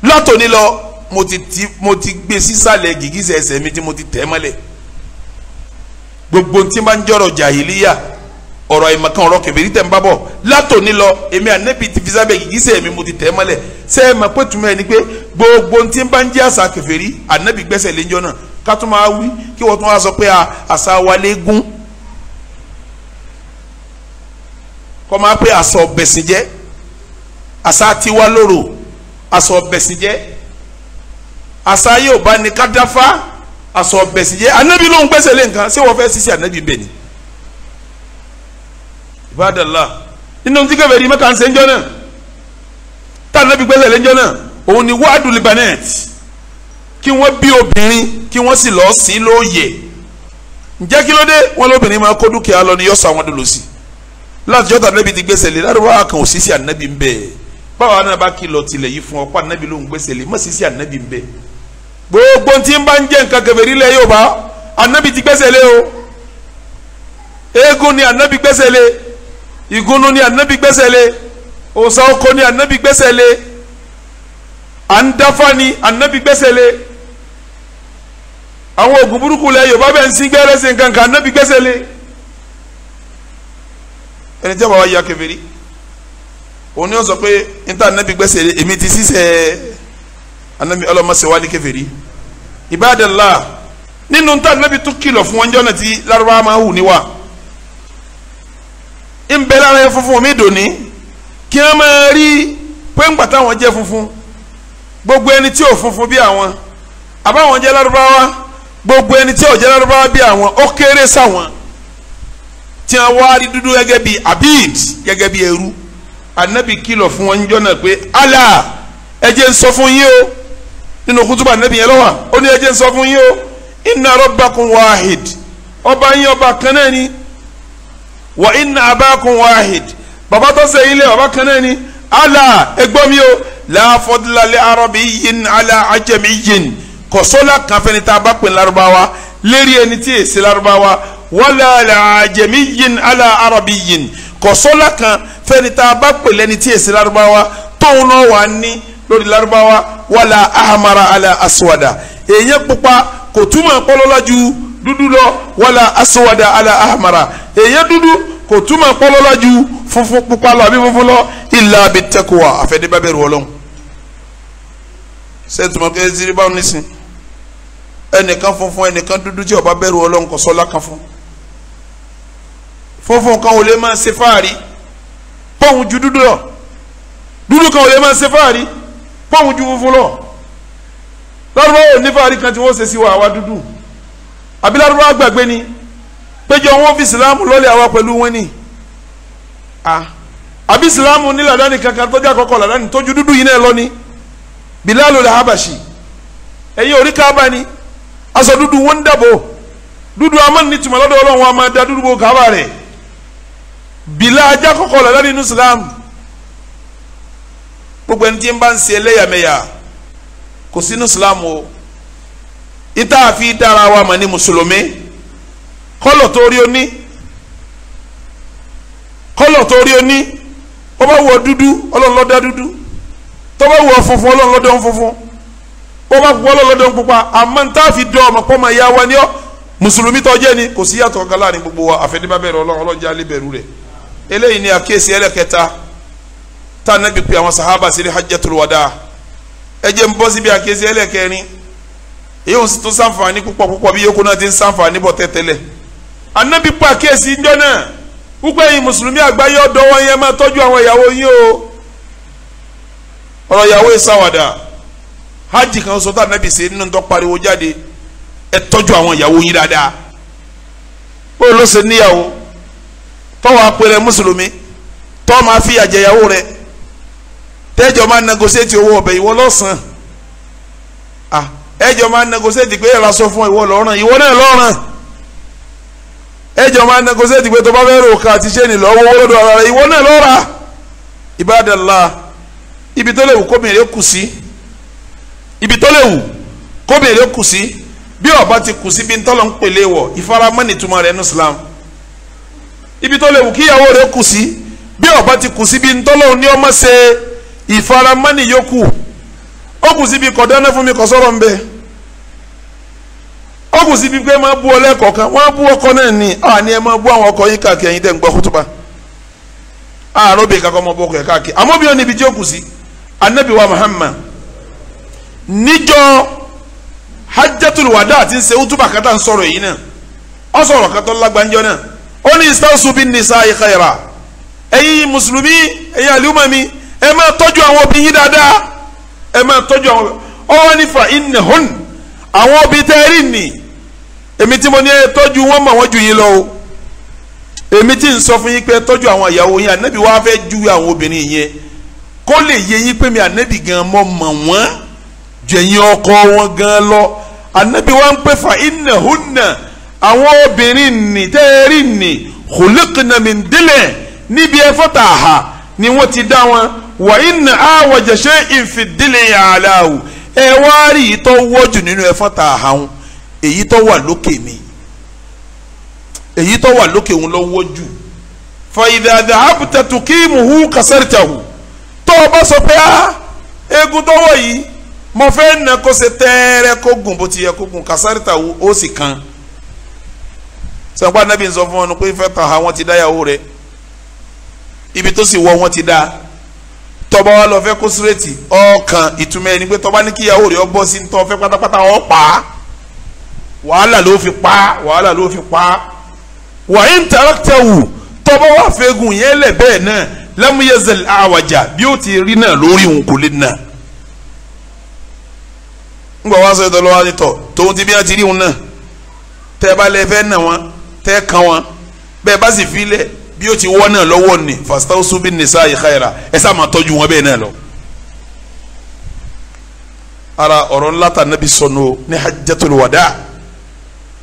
látòní lọ mo ti ti mo ti gbé sísàlẹ̀ gìgísẹ̀ ẹsẹ̀ mi tí mo ti tẹ̀ mọ́lẹ̀ gbogbo ntí bá ń jẹ́ ọ̀rọ̀ jahiliya ọ̀rọ̀ ìmọ̀kan ọ̀rọ̀ kẹfìrí tẹ̀ ń bábọ̀ látòní lọ èmi ànẹ́bí ti fi sábẹ́ gìgísẹ̀ mi mo ti tẹ̀ mọ́lẹ̀ sẹ́ẹ̀ mọ̀ pé ni pé gbogbo tí ń bá ń jẹ́ àṣà kèfèrí ànábì gbẹ́sẹ̀ léjọ́ náà ká tún máa wí kí wọ́n tún wá sọ pé àṣà wa léegun kọ́ máa pé àṣà ọ̀bẹ̀sìn jẹ́ àṣà tiwa lóró àṣà ọ̀bẹ̀sìn jẹ́ àṣà Yorùbá ní kádáfá àṣà ọ̀bẹ̀sìn jẹ́ ànábì ló ń gbẹ́sẹ̀ lé nǹkan ṣé wọ́n fẹ́ sisi ànábì bẹ̀ ni ìbádàlá nínú tí kèfèrí mẹ́ka ń ṣe ń jọ náà tá òun ni wádùn libanet kí wọ́n bí obìnrin kí wọ́n sì lọ́ọ́ sí lóòyè ǹjẹ́ kí ló dé wọ́n lóbìnrin máa kó dúkìá lọ ni yọ sọ àwọn dolo sí láti jọ́ta nẹ́bi ti gbèsè lé láti wá kàn ó sì sí ànábì ń bẹ́ẹ̀ báwa náà bá kìlọ̀ tilẹ̀ yìí fún ọ pa ànábì ló ń gbèsè lé má sì sí ànábì ń bẹ́ẹ̀ gbogbo tí ń bá ń jẹ́ nǹkan kẹfẹ́ rílẹ̀ yóò bá ànábì ti gbèsè lé o eégún ni ànábì gbèsè lé ìgúnnu ni ànábì gbèsè lé òòsàn oko ni ànábì gbèsè lé à ń dáfá ni ànábì gbẹ́sẹ̀ lé àwọn oògùn burúkú lẹ yorùbá bẹ́ẹ̀ ń sin gbẹ́rẹ́ sí nǹkan kan ànábì gbẹ́sẹ̀ lé ẹni tí a bá wá ya kèfèrí òun ni ó sọ pé níta ànábì gbẹ́sẹ̀ lé èmi ti sísẹ ànábì ọlọ́mọ ṣe wá ní kèfèrí Ibadallah nínú níta ànábì tún kìlọ̀ fún wọn jọ́nà tí lárúbáwá máa hù níwà ń bẹ lára yẹn funfun mi dòní kí wọ́n máa rí pé ń gbà táwọn jẹ́ funfun gbogbo ẹni tí ò funfun bí àwọn àbáwọn gbogbo ẹni tí ò jẹ́ lárúbáwá bí àwọn ó kéré sáwọn tí wá abid gẹ́gẹ́ bí ẹrú anabi kìlọ̀ fún wọn níjọ́ náà pé ala ń sọ fún yín o nínú anabi yẹn lọ́wọ́ ó ní ń sọ fún yín o ọba yín ọba kan náà ni wa wahid bàbá tó ṣe ilé ọba kan náà ni allah o la fadla li arabiyyin ala ajamiyyin kọ̀sọ́lá kan fẹ́ni tá a bá pè lárúbáwá lérí ẹni tí èsì lárúbáwá wala la ajamiyyin ala arabiyyin kọ̀sọ́lá kan fẹ́ni tá a bá pè lẹ́ni tí èsì lárúbáwá tóun náà wà ní lórí lárúbáwá wala ahmara ala aswada èèyàn pupa kò túmọ̀ pọ́lọ́lá ju dúdú lọ wala aswada ala ahmara èèyàn dúdú kò túmọ̀ pọ́lọ́lá ju pupa lọ àbí funfun lọ illa bit taqwa àfẹ́débàbẹ̀rù sẹ́tùmọ̀ pé ẹ̀sìn báwọn nísìn ẹnìkan funfun ẹnìkan dúdú tí ọba bẹ̀rù ọlọ́run kò sọ́lá kan fún funfun kan ò lè máa ṣe fáàrí pọ́hùn ju dúdú lọ dúdú kan ò lè máa ṣe fáàrí pọ́hùn ju funfun lọ lárúbáwò ní fáàrí kan tí wọ́n ṣe sí wa àwa dúdú àbí lárúbáwò gbàgbé ni péjọ wọn fi ìsìlámù lọ́lẹ̀ àwa pẹ̀lú wọn ni àbí ìsìlámù ní làdáni kankan tó jẹ́ àkọ́kọ́ làdáni tó dúdú yìí náà lọ ni. Ah bilalu la habashi ẹ̀yin orí kaaba ni aṣọ dúdú wọn dàbò dúdú amánu ní tùmọ̀ lọ́dọ̀ ọlọ́run wọn máa da dúdú bo kaaba rẹ̀ bila ajá kọ̀kọ̀ lọ́dọ̀ nínú islam gbogbo ẹni tí ń bá ń ṣe ẹlẹ́yàmẹ̀yà kò sínú islam o ìta àfi dára wa mà ní mùsùlùmí kọ́lọ̀ tó rí o ní kọ́lọ̀ tó wọ dúdú ọlọ́run ló dá tó bá wù ọ funfun ọlọ́run lọ́dọ̀ ń funfun ó bá wù ọlọ́run pupa àmọ́ n táà dọ́ ọmọ pọ́ ma ya wa ni ọ́ mùsùlùmí tó jẹ́ ni kò sí yàtọ̀ gálà ní gbogbo wa àfẹnibà bẹ̀rẹ̀ ọlọ́jà lè rẹ̀ eléyìí ni àkíyèsí ẹlẹ́kẹta tá a nẹ́bi àwọn sàhábà sí ní hajjatul wada ẹ jẹ́ ń bọ́ síbi àkíyèsí ẹlẹ́kẹrin èyí ò sì tún sàǹfààní púpọ̀ púpọ̀ bí yókù náà ti ń sàǹfààní bọ̀ tẹ́tẹ́lẹ̀ ànábì pàkíyèsí ńjọ́ náà wípé ẹ̀yin mùsùlùmí àgbáyé ọ̀dọ́ wọn yẹn máa tọ́jú àwọn ìyàwó yín o ọ̀rọ̀ ìyàwó ìsàwàdà hajj kan sọ tá nàbì ṣe nínú tó pariwo jáde ẹ tọ́jú àwọn ìyàwó yín dáadáa bó ló ṣe níyàwó tọ́wọ́ apẹ̀rẹ̀ mùsùlùmí tọ́ máa fi àjẹyàwó rẹ̀ tẹ́jọ́ máa negotiate owó ọbẹ̀ ìwọ lọ́sàn ah ẹjọ́ máa negotiate pé ẹ̀rọ aṣọ fún ìwọ lọ́rùn ìwọ náà lọ́rùn ẹjọ́ máa negotiate pé tó bá fẹ́ rò ká àti ṣé ìwọ náà lọ́ra Ibadallah. ibi tó léwu kóbìnrin kù sí ibi tó léwu kù sí bí ọba ti kù sí bí ntọ́lọ́ ń pèlè wọ̀ ìfaramọ́ rẹ̀ ní Islam ibi tó léwu kíyàwó rẹ̀ kù sí ọba ti kù sí bí ntọ́lọ́ ní ọmọ ṣe ìfaramọ́ nìyókù ó kù síbi kọ̀dáná fún mi kọ́ ń ọkọ náà ní ẹ ọkọ yín káàkiri ẹ̀yin tẹ̀ ń gbọ́ àárọ̀ kakọ́ ọmọ bọ́ọ̀kọ̀ káàkiri àmọ́ bí wọn anabi wa muhammad níjọ́ hajjatul wada àti ṣe utuba kata ń sọ̀rọ̀ yìí náà ó sọ̀rọ̀ kata lágbàjọ náà ó ní istausu bin nisa'i khaira ẹ̀yin mùsùlùmí ẹ̀yin àlùmọ̀ mi ẹ máa tọ́jú àwọn obìnrin dáadáa ẹ máa tọ́jú àwọn ọwọ́ nífa innahun àwọn obìnrin tẹ́ rí nì èmi tí mo ní ẹ wọn mọ̀ wọ́n ju yín lọ o èmi tí ń sọ fún yín pé tọ́jú àwọn ìyàwó yín ànábì fẹ́ ju àwọn obìnrin yẹn kó lè yé yín pé mi ànábì gan mọ́ mọ̀ wọ́n jẹ̀yìn ọkọ wọn gan lọ ànábì wọn ń pè fà iná húnà àwọn obìnrin nì tẹ́ẹ̀rì nì kòlíkìnàmìndínlẹ̀ níbi ẹ̀fọ́ tààhà ni wọ́n ti dá wọn wà iná àwọ̀jẹ̀ ṣe ìfìdílẹ̀ àlàó ẹ wá rí èyí tó wọ́jù nínú ẹ̀fọ́ tààhà wọn èyí tó wà lókè mi èyí tó wà lókè wọn lọ́wọ́ jù fàyídàdà àbùtàtù kí muhu kàsẹ́rìtàhù tó o bá sọ pé á ah, egun tó wọ̀ yìí mo fẹ́ nà kó ṣe tẹ́ẹ́rẹ́ kó gùn bó ti yẹ kó gùn kásárìtà ó sì kan sọ̀pá nàbí sọ fún ọ pé fẹ́ tàn á wọ́n ti dá yàwó rẹ̀ ibi tó sì wọ wọ́n ti dá tọba wa lọ fẹ́ kó sírètì ọkàn ìtumọ̀ ẹni pé tọba ní kíyàwó rẹ̀ ọ bọ́ sí tọ́ fẹ́ pátápátá ọ pa á wàhálà ló fi pa wàhálà ló fi pa wàhálà ń tẹ́rẹ́tẹ̀ wù tọba wa fẹ́gùn yẹn lẹ̀ bẹ́ẹ̀ náà lẹ́múyẹ́sẹ̀l àwàjà bí ó ti rí náà lórí òun kò lè nà. ń gbọ́ wá sọ ìtọ́ lọ́wọ́ àtìtọ̀ tòun ti bí wọ́n ti rí òun náà tẹ́ ẹ bá lẹ fẹ́ nà wọ́n tẹ́ ẹ kan wọ́n bẹ́ẹ̀ bá sì filẹ̀ bí ó ti wọ́ náà lọ́wọ́ ni fasitaw subi nisa ìkàyẹ̀rà ẹ sá máa wọn bẹ́ẹ̀ náà lọ. ara ọ̀rọ̀ ńlá ta nabi sọnù ní hajjatul wada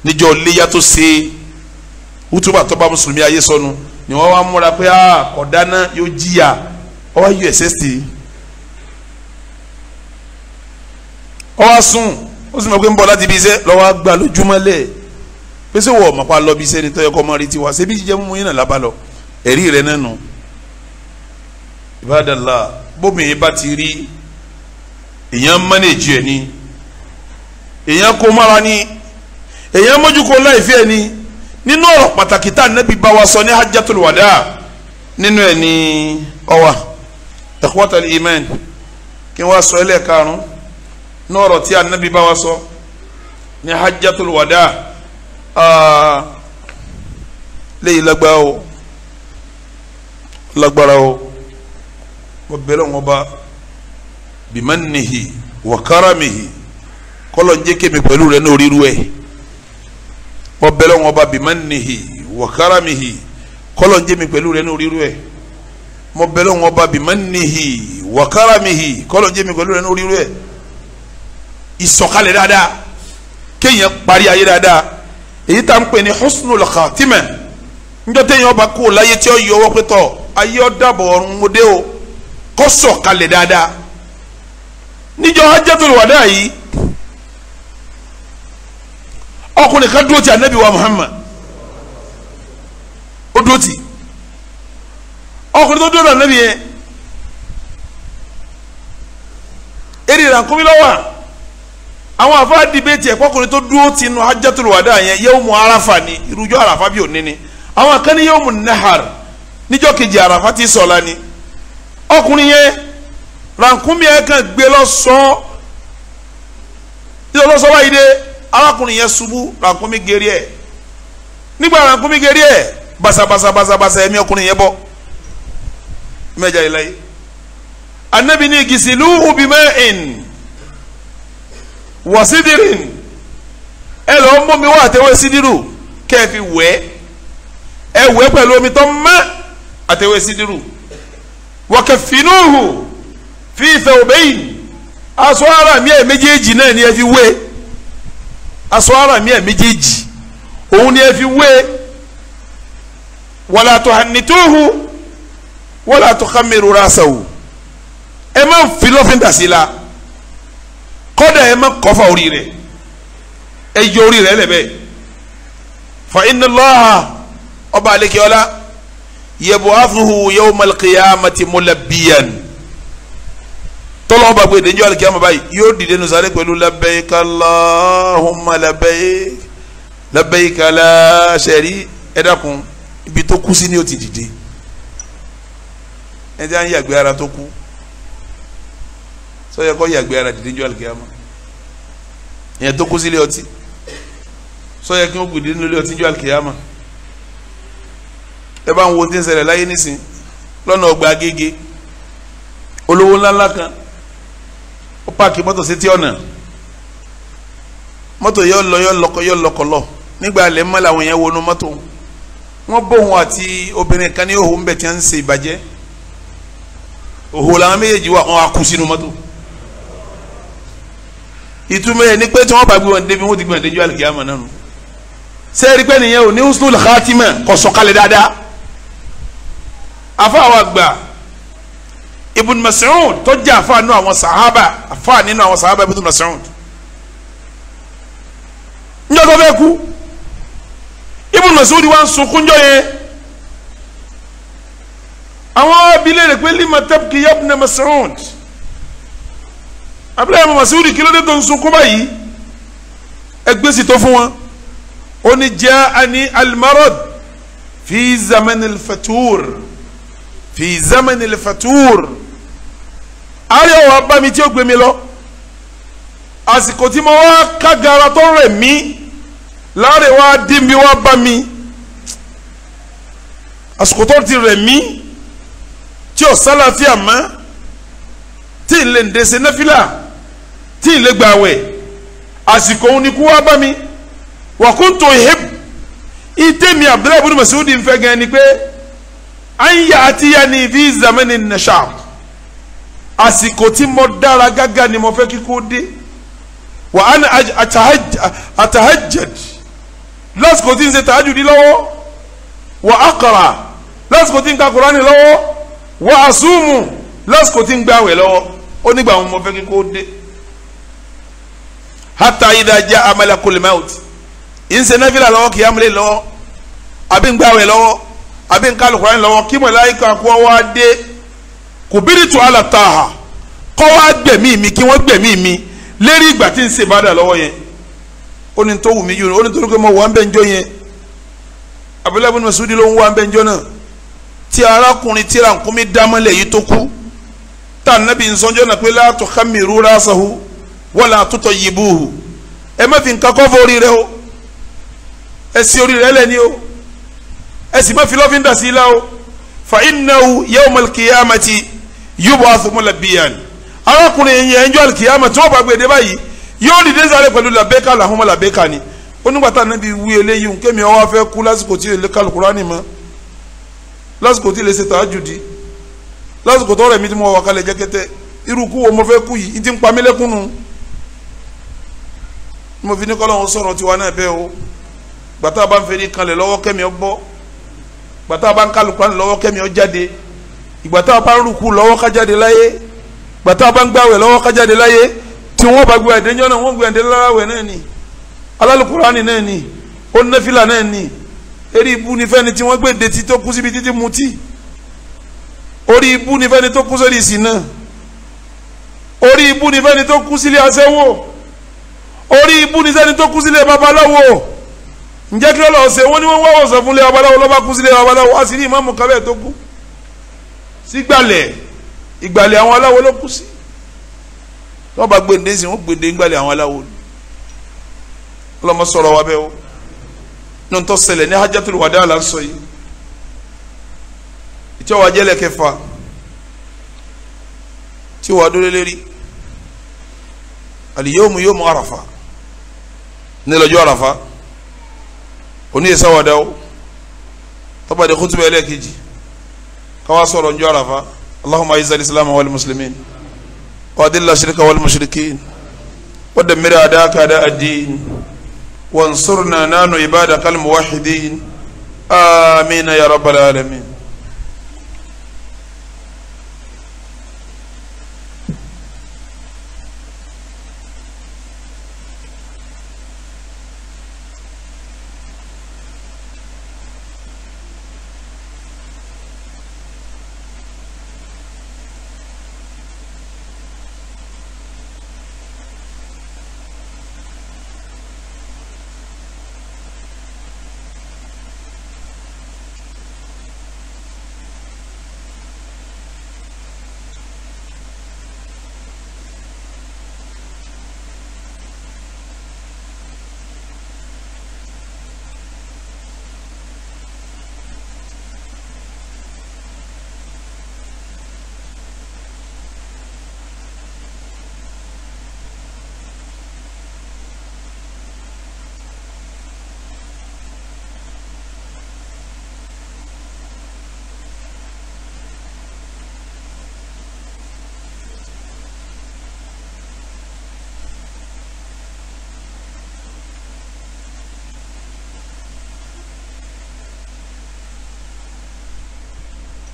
níjọ́ léyàtọ̀ sí utubatọ́ba mùsùlùmí ayé sọnù ni wọ́n wá múra pé a ah, kò dáná yóò jìyà ọ wá yọ ẹsẹ̀ sí ọ wá sùn ó sì mọ̀ pé ń bọ̀ láti ibi iṣẹ́ lọ́wọ́ gbà lójúmọ́lẹ̀ pé ṣé wọ́n lọ bí iṣẹ́ ni tọ́yọ̀ kọ́ mọ́ rí tiwa ṣé bí jíjẹ́ mímú yín náà lábá lọ ẹ̀rí rẹ̀ nánu ìbádàlá bómi yẹn bá ti rí èèyàn mánéjì ẹ̀ ni èèyàn kó mára ni èèyàn mójúkó láìfẹ́ ni nínú ọ̀rọ̀ pàtàkì tá ànábì bá wa sọ ní hajjatul wada nínú ẹ̀ ní ọwà ikhwatal iman kí wọ́n sọ ilé karùn-ún nínú ọ̀rọ̀ tí ànábì bá wa sọ ní hajjatul wada léyìn lágbára o lágbára o wọ́n bẹ̀rẹ̀ wọn bá bimannihi wa karamihi kọ́lọ̀ ń jẹ́ kémi pẹ̀lú rẹ̀ ní oríru ẹ̀ mo bẹ Ọlọ́hun Ọba bimannihi wa karamihi k'Ọlọ́hun jẹ́ mi pẹ̀lú rẹ̀ n'orí irú ẹ̀ mo bẹ Ọlọ́hun Ọba bimannihi wa karamihi k'Ọlọ́hun jẹ́ mi pẹ̀lú rẹ̀ n'orí irú ẹ̀ ìsọ̀kalẹ̀ dáadáa kéèyàn parí ayé dáadáa èyí tá n pè ní husnul khatima njọ́ téèyàn ọba kú láyé tí ó yọ ọwọ́ pẹ́tọ́ ayé ọ̀dàbọ̀ ọ̀run mo o kó dáadáa níjọ́ hajjatul yìí ọkùnrin kan dúró ti anabi wa muhammad ó dúró ti ọkùnrin tó dúró anabi yẹn èrè ìrànkúmi lọ́wọ́ àwọn àfáà dìbẹ́tì ẹ̀kọ́ ọkùnrin tó dúró ti nu hajjatul wada yẹn yawmu arafa ni irújọ́ arafa bí òní ni àwọn kan ní yawmu nahar níjọ́ kejì arafa ti sọ̀la ni ọkùnrin yẹn rànkúmi yẹn kan gbé lọ sọ yíyọ lọ sọ báyìí dé arákùnrin yẹn ṣubú ràkúnmí geri ẹ̀ nígbà ràkúnmí geri ẹ̀ basabasa basabasa ẹ̀mí ọkùnrin yẹn bọ́ mẹ́jà yìí anabi ní gisiluhu bima'in wasidirin ẹ lọ mú mi wá àtẹwé sídìrú kẹ́ ẹ fi wẹ̀ ẹ wẹ̀ pẹ̀lú omi tó mọ́ àtẹwé sídìrú wakafinuhu fi thawbayn aṣọ ara mi ẹ̀ méjèèjì náà ni ẹ fi wẹ̀ aṣọ ara mi ẹ̀ méjèèjì òun ni ẹ fi wé wala tuhannituhu wala tukhamiru rasahu ẹ má fi lọ́fíńdà sí la kọ́dà ẹ má kọ́fà orí rẹ̀ ẹ yọ orí rẹ̀ lẹ́bẹ̀ fa inna Allaha ọba alekiola yabu'athuhu yawmal qiyamati mulabbiyan tọ́lọ́wọ́ bá gbé ìdíjọ́ àlùkí àmọ́ báyìí yóò dìde nù sáré pẹ̀lú labbaika Allahumma labbaik labbaika la sharika ẹ dákun ibi tó kú sí ni ó ti dìde ẹ jẹ́ à ń yàgbé ara tó kú sọ́yẹ́ kọ́ yàgbé ara dìde jọ́ àlùkí àmọ́ ìyẹn tó kú sílé ọtí sọ́yẹ́ kí wọ́n gbèdé nílé ọtí jọ́ àlùkí àmọ́ ẹ bá ń wo tí ń ṣẹlẹ̀ láyé nísìn olówó ńláńlá kan ó paaki mọ́tò sétí ọ̀nà mọ́tò yọ lọ yọ lọkọ yọ lọkọ lọ nígbà alẹ́ mọ́ làwọn yẹn wọnú mọ́tò wọ́n bóun àti obìnrin kan ní òhun bẹ̀ tí wọ́n ń ṣe ìbàjẹ́ òhun làwọn méjèèjì wà wọ́n á sínú mọ́tò ìtumọ̀ yẹn ni pé tí wọ́n bá gbé wọn débi wọ́n ti gbé wọn déjú àlùkìyàmọ̀ náà nù sẹ́ẹ̀rí pé nìyẹn ò ní húsùlù khatima kọ̀sọ̀kalẹ̀ dáadáa afọ àwọn àgbà ibn Mas'ud tó jẹ́ àfa nínú àwọn sahaba àfa nínú àwọn sahaba ibn Mas'ud njọ́ tó fẹ́ kú ibn Mas'ud wá ń sunkún njọ́ yẹn àwọn abilé rẹ̀ pé lima tabki ya ibn Mas'ud abúlé ibn Mas'ud kí ló dé tó ń báyìí ẹgbẹ́ tó fún wọn ó ní ja'ani al-marad fi zaman fatur fi zaman fatur àárẹ̀ ọ̀wọ́ bá mi tí ó gbé mi lọ àsìkò tí mo wá kágara tó rẹ̀ mí láàrẹ̀ wá dí mi wá bá mi àsìkò tó ti rẹ̀ mí tí ò sálàfíà mọ́ tí ì lè ń dẹsẹ̀ náfìlà tí ì lè gbàwẹ̀ àsìkò òun ni kú wá bá mi wàkúntò hip ìtẹ̀mí abdullahi ibn Mas'ud nfẹ́ gan ni pé àyà àti yanni fi zamani nashab àsìkò tí mo dára gágá ni mo fẹ́ kíkó dé wà á ní àtàhẹ́jẹ̀d lásìkò tí ń ṣe tààjù ní lọ́wọ́ wà á kọ̀rà lásìkò tí ń ka Kùránì lọ́wọ́ wà á súnmù lásìkò tí ń gbé àwẹ̀ lọ́wọ́ ó nígbà wọn mo fẹ́ kíkó dé hata idaja amala kulimaut ń ṣe náfìlà lọ́wọ́ kì í amúlẹ̀ lọ́wọ́ àbí ń gbé àwẹ̀ lọ́wọ́ àbí ń ka Kùránì lọ́wọ́ kò bírí tu àlà ta ha kọ́ wá gbẹ̀mí mi kí wọ́n gbẹ̀mí mi lérí ìgbà tí ń ṣe ìbádà lọ́wọ́ yẹn ó ní tó wù mí yìí ó ní tó lóko mọ wà ń bẹ́ ń jọ yẹn Abdullahi ibn Mas'ud ló ń wà ń ń jọ náà tí arákùnrin tíra nkúmi dámọ́lẹ̀ yìí tó kú tá nàbí nsọ́njọ́ náà pé la tukhammiru rasahu wala tutayyibuhu ẹ má fi nǹkan kọ́ fún orí rẹ o ẹ sì orí rẹ lẹ́ni fa innahu yawmal qiyamati yóò asomolabiyan arákùnrin yẹn ẹnjọ́ alikiyama tí wọ́n bá gbé e dé báyìí yóò dìde sáré pẹ̀lú làbẹ́ka làhùnmọ́ làbẹ́ka ni onígbàtà níbi wí eléyìí kémi ọwọ́ afẹ́ kú lásìkò tí èlé kálukúránì mọ́ lásìkò tí lè ṣe tàájùdì lásìkò tọrọ mi tí mo wà kalẹ̀ jẹ́kẹ́tẹ́ irú kú wo mo fẹ́ kú yìí ti ń pa mí lẹ́kúnnù mo fi ní kọ́ lọ́wọ́ sọ̀rọ̀ tiwa náà bẹ́ẹ̀ o gbàtà bá ń fẹ́ ní kalẹ̀ lọ́wọ́ kẹ́mi ọ gbọ́ gbàtà bá ń kálukúránì lọ́wọ́ kẹ́mi ọ jáde ìgbà tá a bá ń rúkú lọ́wọ́ ká jáde láyé ìgbà tá a bá ń gbàwẹ̀ lọ́wọ́ ká jáde láyé tí wọ́n bá gbé àdéjọ́ náà wọ́n gbé àdé láwẹ̀ náà ni alálùkùránì náà ni onífìlà náà ni eré ibú ni fẹ́ni tí wọ́n gbé detí tó kú síbi títí mutí orí ibú ni fẹ́ni tó kú sórí ìsìn náà orí ibú ni fẹ́ni tó kú sílé aṣẹ́wó orí ibú ni sẹ́ni tó kú sílé babaláwo ǹjẹ́ kí ló lọ́ọ́ ṣe wọ́n ní wọ́n wá wọ̀sán fúnlé babaláwo lọ́ba kú sílé babaláwo àṣírí ìmáàmù kan tó kú sígbàlẹ̀ ìgbàlẹ̀ àwọn aláwo ló kú sí tó bá gbèǹde sí wọn gbèǹde ìgbàlẹ̀ àwọn aláwo ni ọlọ́mọ sọ̀rọ̀ wa bẹ́ẹ̀ o nùtọ́ ṣẹlẹ̀ ní hajjatul wada la ń sọ yìí ìtọ́ wa jẹ́lẹ̀ kẹfà tí wàá dúró lérí al-yawmu yawmu àràfà nílọ́jọ́ àràfà oníyèsáwádà o tọ́ba de kútùbà ẹlẹ́ẹ̀kejì káwá sọ̀rọ̀ njọ́ àràfà allahumma ayiza islam wal muslimin wa adilla shirka wal mushrikin wa dammir adaka da ad-din wansurna nanu ibadakal muwahhidin آمين يا رب العالمين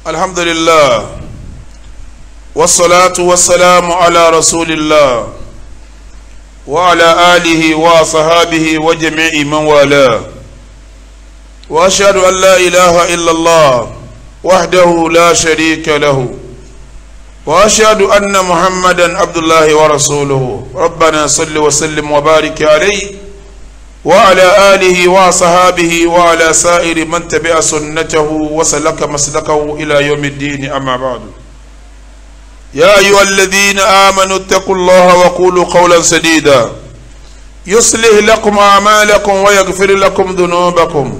الحمد لله والصلاة والسلام على رسول الله وعلى آله وصحابه وجميع من والاه وأشهد أن لا إله إلا الله وحده لا شريك له وأشهد أن محمدا عبد الله ورسوله ربنا صل وسلم وبارك عليه وعلى آله وصحابه وعلى سائر من تبع سنته وسلك مسلكه إلى يوم الدين أما بعد يا أيها الذين آمنوا اتقوا الله وقولوا قولا سديدا يصلح لكم أعمالكم ويغفر لكم ذنوبكم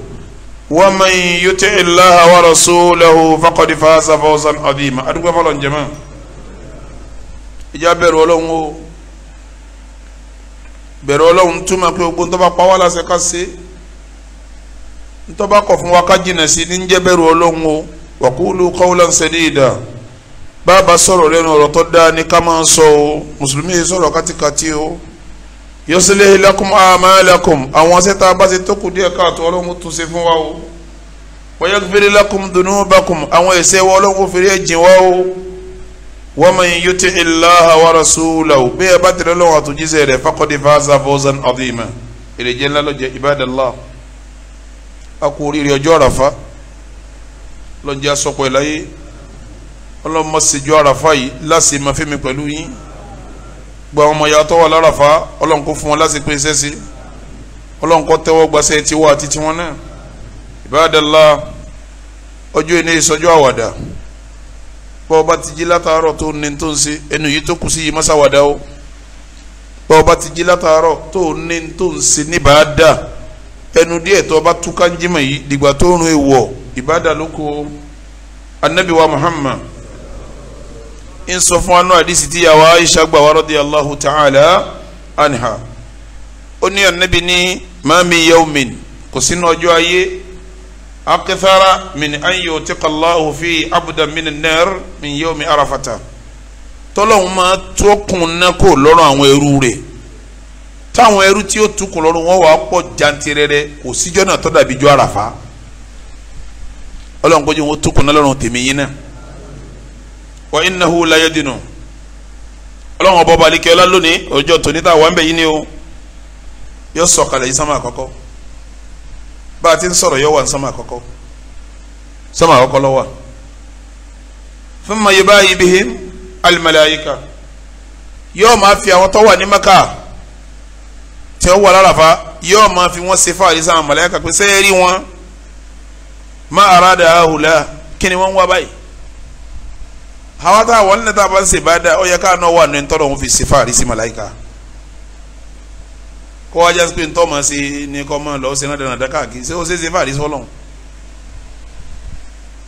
ومن يطع الله ورسوله فقد فاز فوزا عظيما أدعو فلان جماعة إجابة رولون bẹ̀rẹ̀ ọlọ́run túmọ̀ pé gbogbo ń tọ́ba pa wá láṣẹ ká ṣe ń tọ́ba kọ̀ fún wa ká jìnà sí ní jẹ́ bẹ̀rù ọlọ́run o wa qulu qawlan sadida bàbá sọ̀rọ̀ lẹ́nu ọ̀rọ̀ tó dáa ní ká máa sọ o mùsùlùmí yìí sọ̀rọ̀ kátikàtì o yuslih lakum a'malakum àwọn asẹ́ta bá ti tó kù díẹ̀ káàtó ọlọ́run tún ṣe fún wa o wa ومن يطع الله ورسوله بي بدر لو اتجزر فقد فاز فوزا عظيما الى جلال عباد الله اقول يا جورفا lọ jẹ́ asọ́pọ̀ ẹ̀ láyé ọlọ́mọ sèjọ́ àràfà yìí láti máa fẹ́mi pẹ̀lú yín gba ọmọ ìyá tọ́wọ́ láràfà ọlọ́run kó fún wọn láti pín iṣẹ́ sí ọlọ́run kó tẹ́wọ́ gbaṣẹ́ tiwọ́ àti tiwọn náà ìbáradàlá ọjọ́ ìní ìsọjọ́ àwàdà bọ́ọ̀ba ti jí látàárọ̀ tó ní tó ń ṣe ẹnu yìí tó kù sí yìí mọ́sáwádà o bọ́ọ̀ba ti jí látàárọ̀ tó ní tó ń ṣe níbàádà ẹnu díẹ̀ tó bá túká ń yìí dìgbà tó rún ewọ̀ ìbàdà ló kó anabi muhammad ń sọ fún anú àdìsí tí yàwá aisha gbà wá radiyallahu ta'ala anha ó ní anabi ní mami yawmin kò sínú ọjọ́ ayé akithara min an yutiqa Allahu fi abda min nar min yawmi arafata tọ́lọ́hún máa tó kun náà kó lọ́rùn àwọn ẹrú rẹ̀ táwọn ẹrú tí ó tukùn lọ́rùn wọn wà pọ̀ jantirẹrẹ kò síjọ́ náà tó dàbí jọ́ àràfà ọlọ́run kojú wọn tukùn náà lọ́rùn tèmi yín náà wa innahu la yadinu ọlọ́run ọba balikẹ́ ọlá lónìí ọjọ́ tóní tá a wà ń bẹ̀ yín ni o yóò sọ̀kalẹ̀ yìí sámà àkọ́kọ́ bá a ti ń sọ̀rọ̀ yọ wà ní sánmà àkọ́kọ́ sánmà àkọ́kọ́ ló wà thumma yubahi bihim al-malaika yóò máa fi àwọn tó wà ní maka tí ó wà lárafá yóò máa fi wọ́n ṣe fáàrí sáwọn màláíkà pé sẹ́yẹ́ rí wọn má arada ahùlá kí ni wọ́n ń wá báyìí àwọn táwọn nílẹ̀ tá a bá ń ṣe bá dá ọ yẹ káà náà wà ní tọ́lọ̀ wọn fi ṣe fáàrí sí kó wájà sí pé ń tọ́mọ sí ní kọ́ mọ́ lọ́ọ́ sẹ́nà dáná dáká kì í ṣe ó ṣe é ṣe fàdí sọ́lọ́n.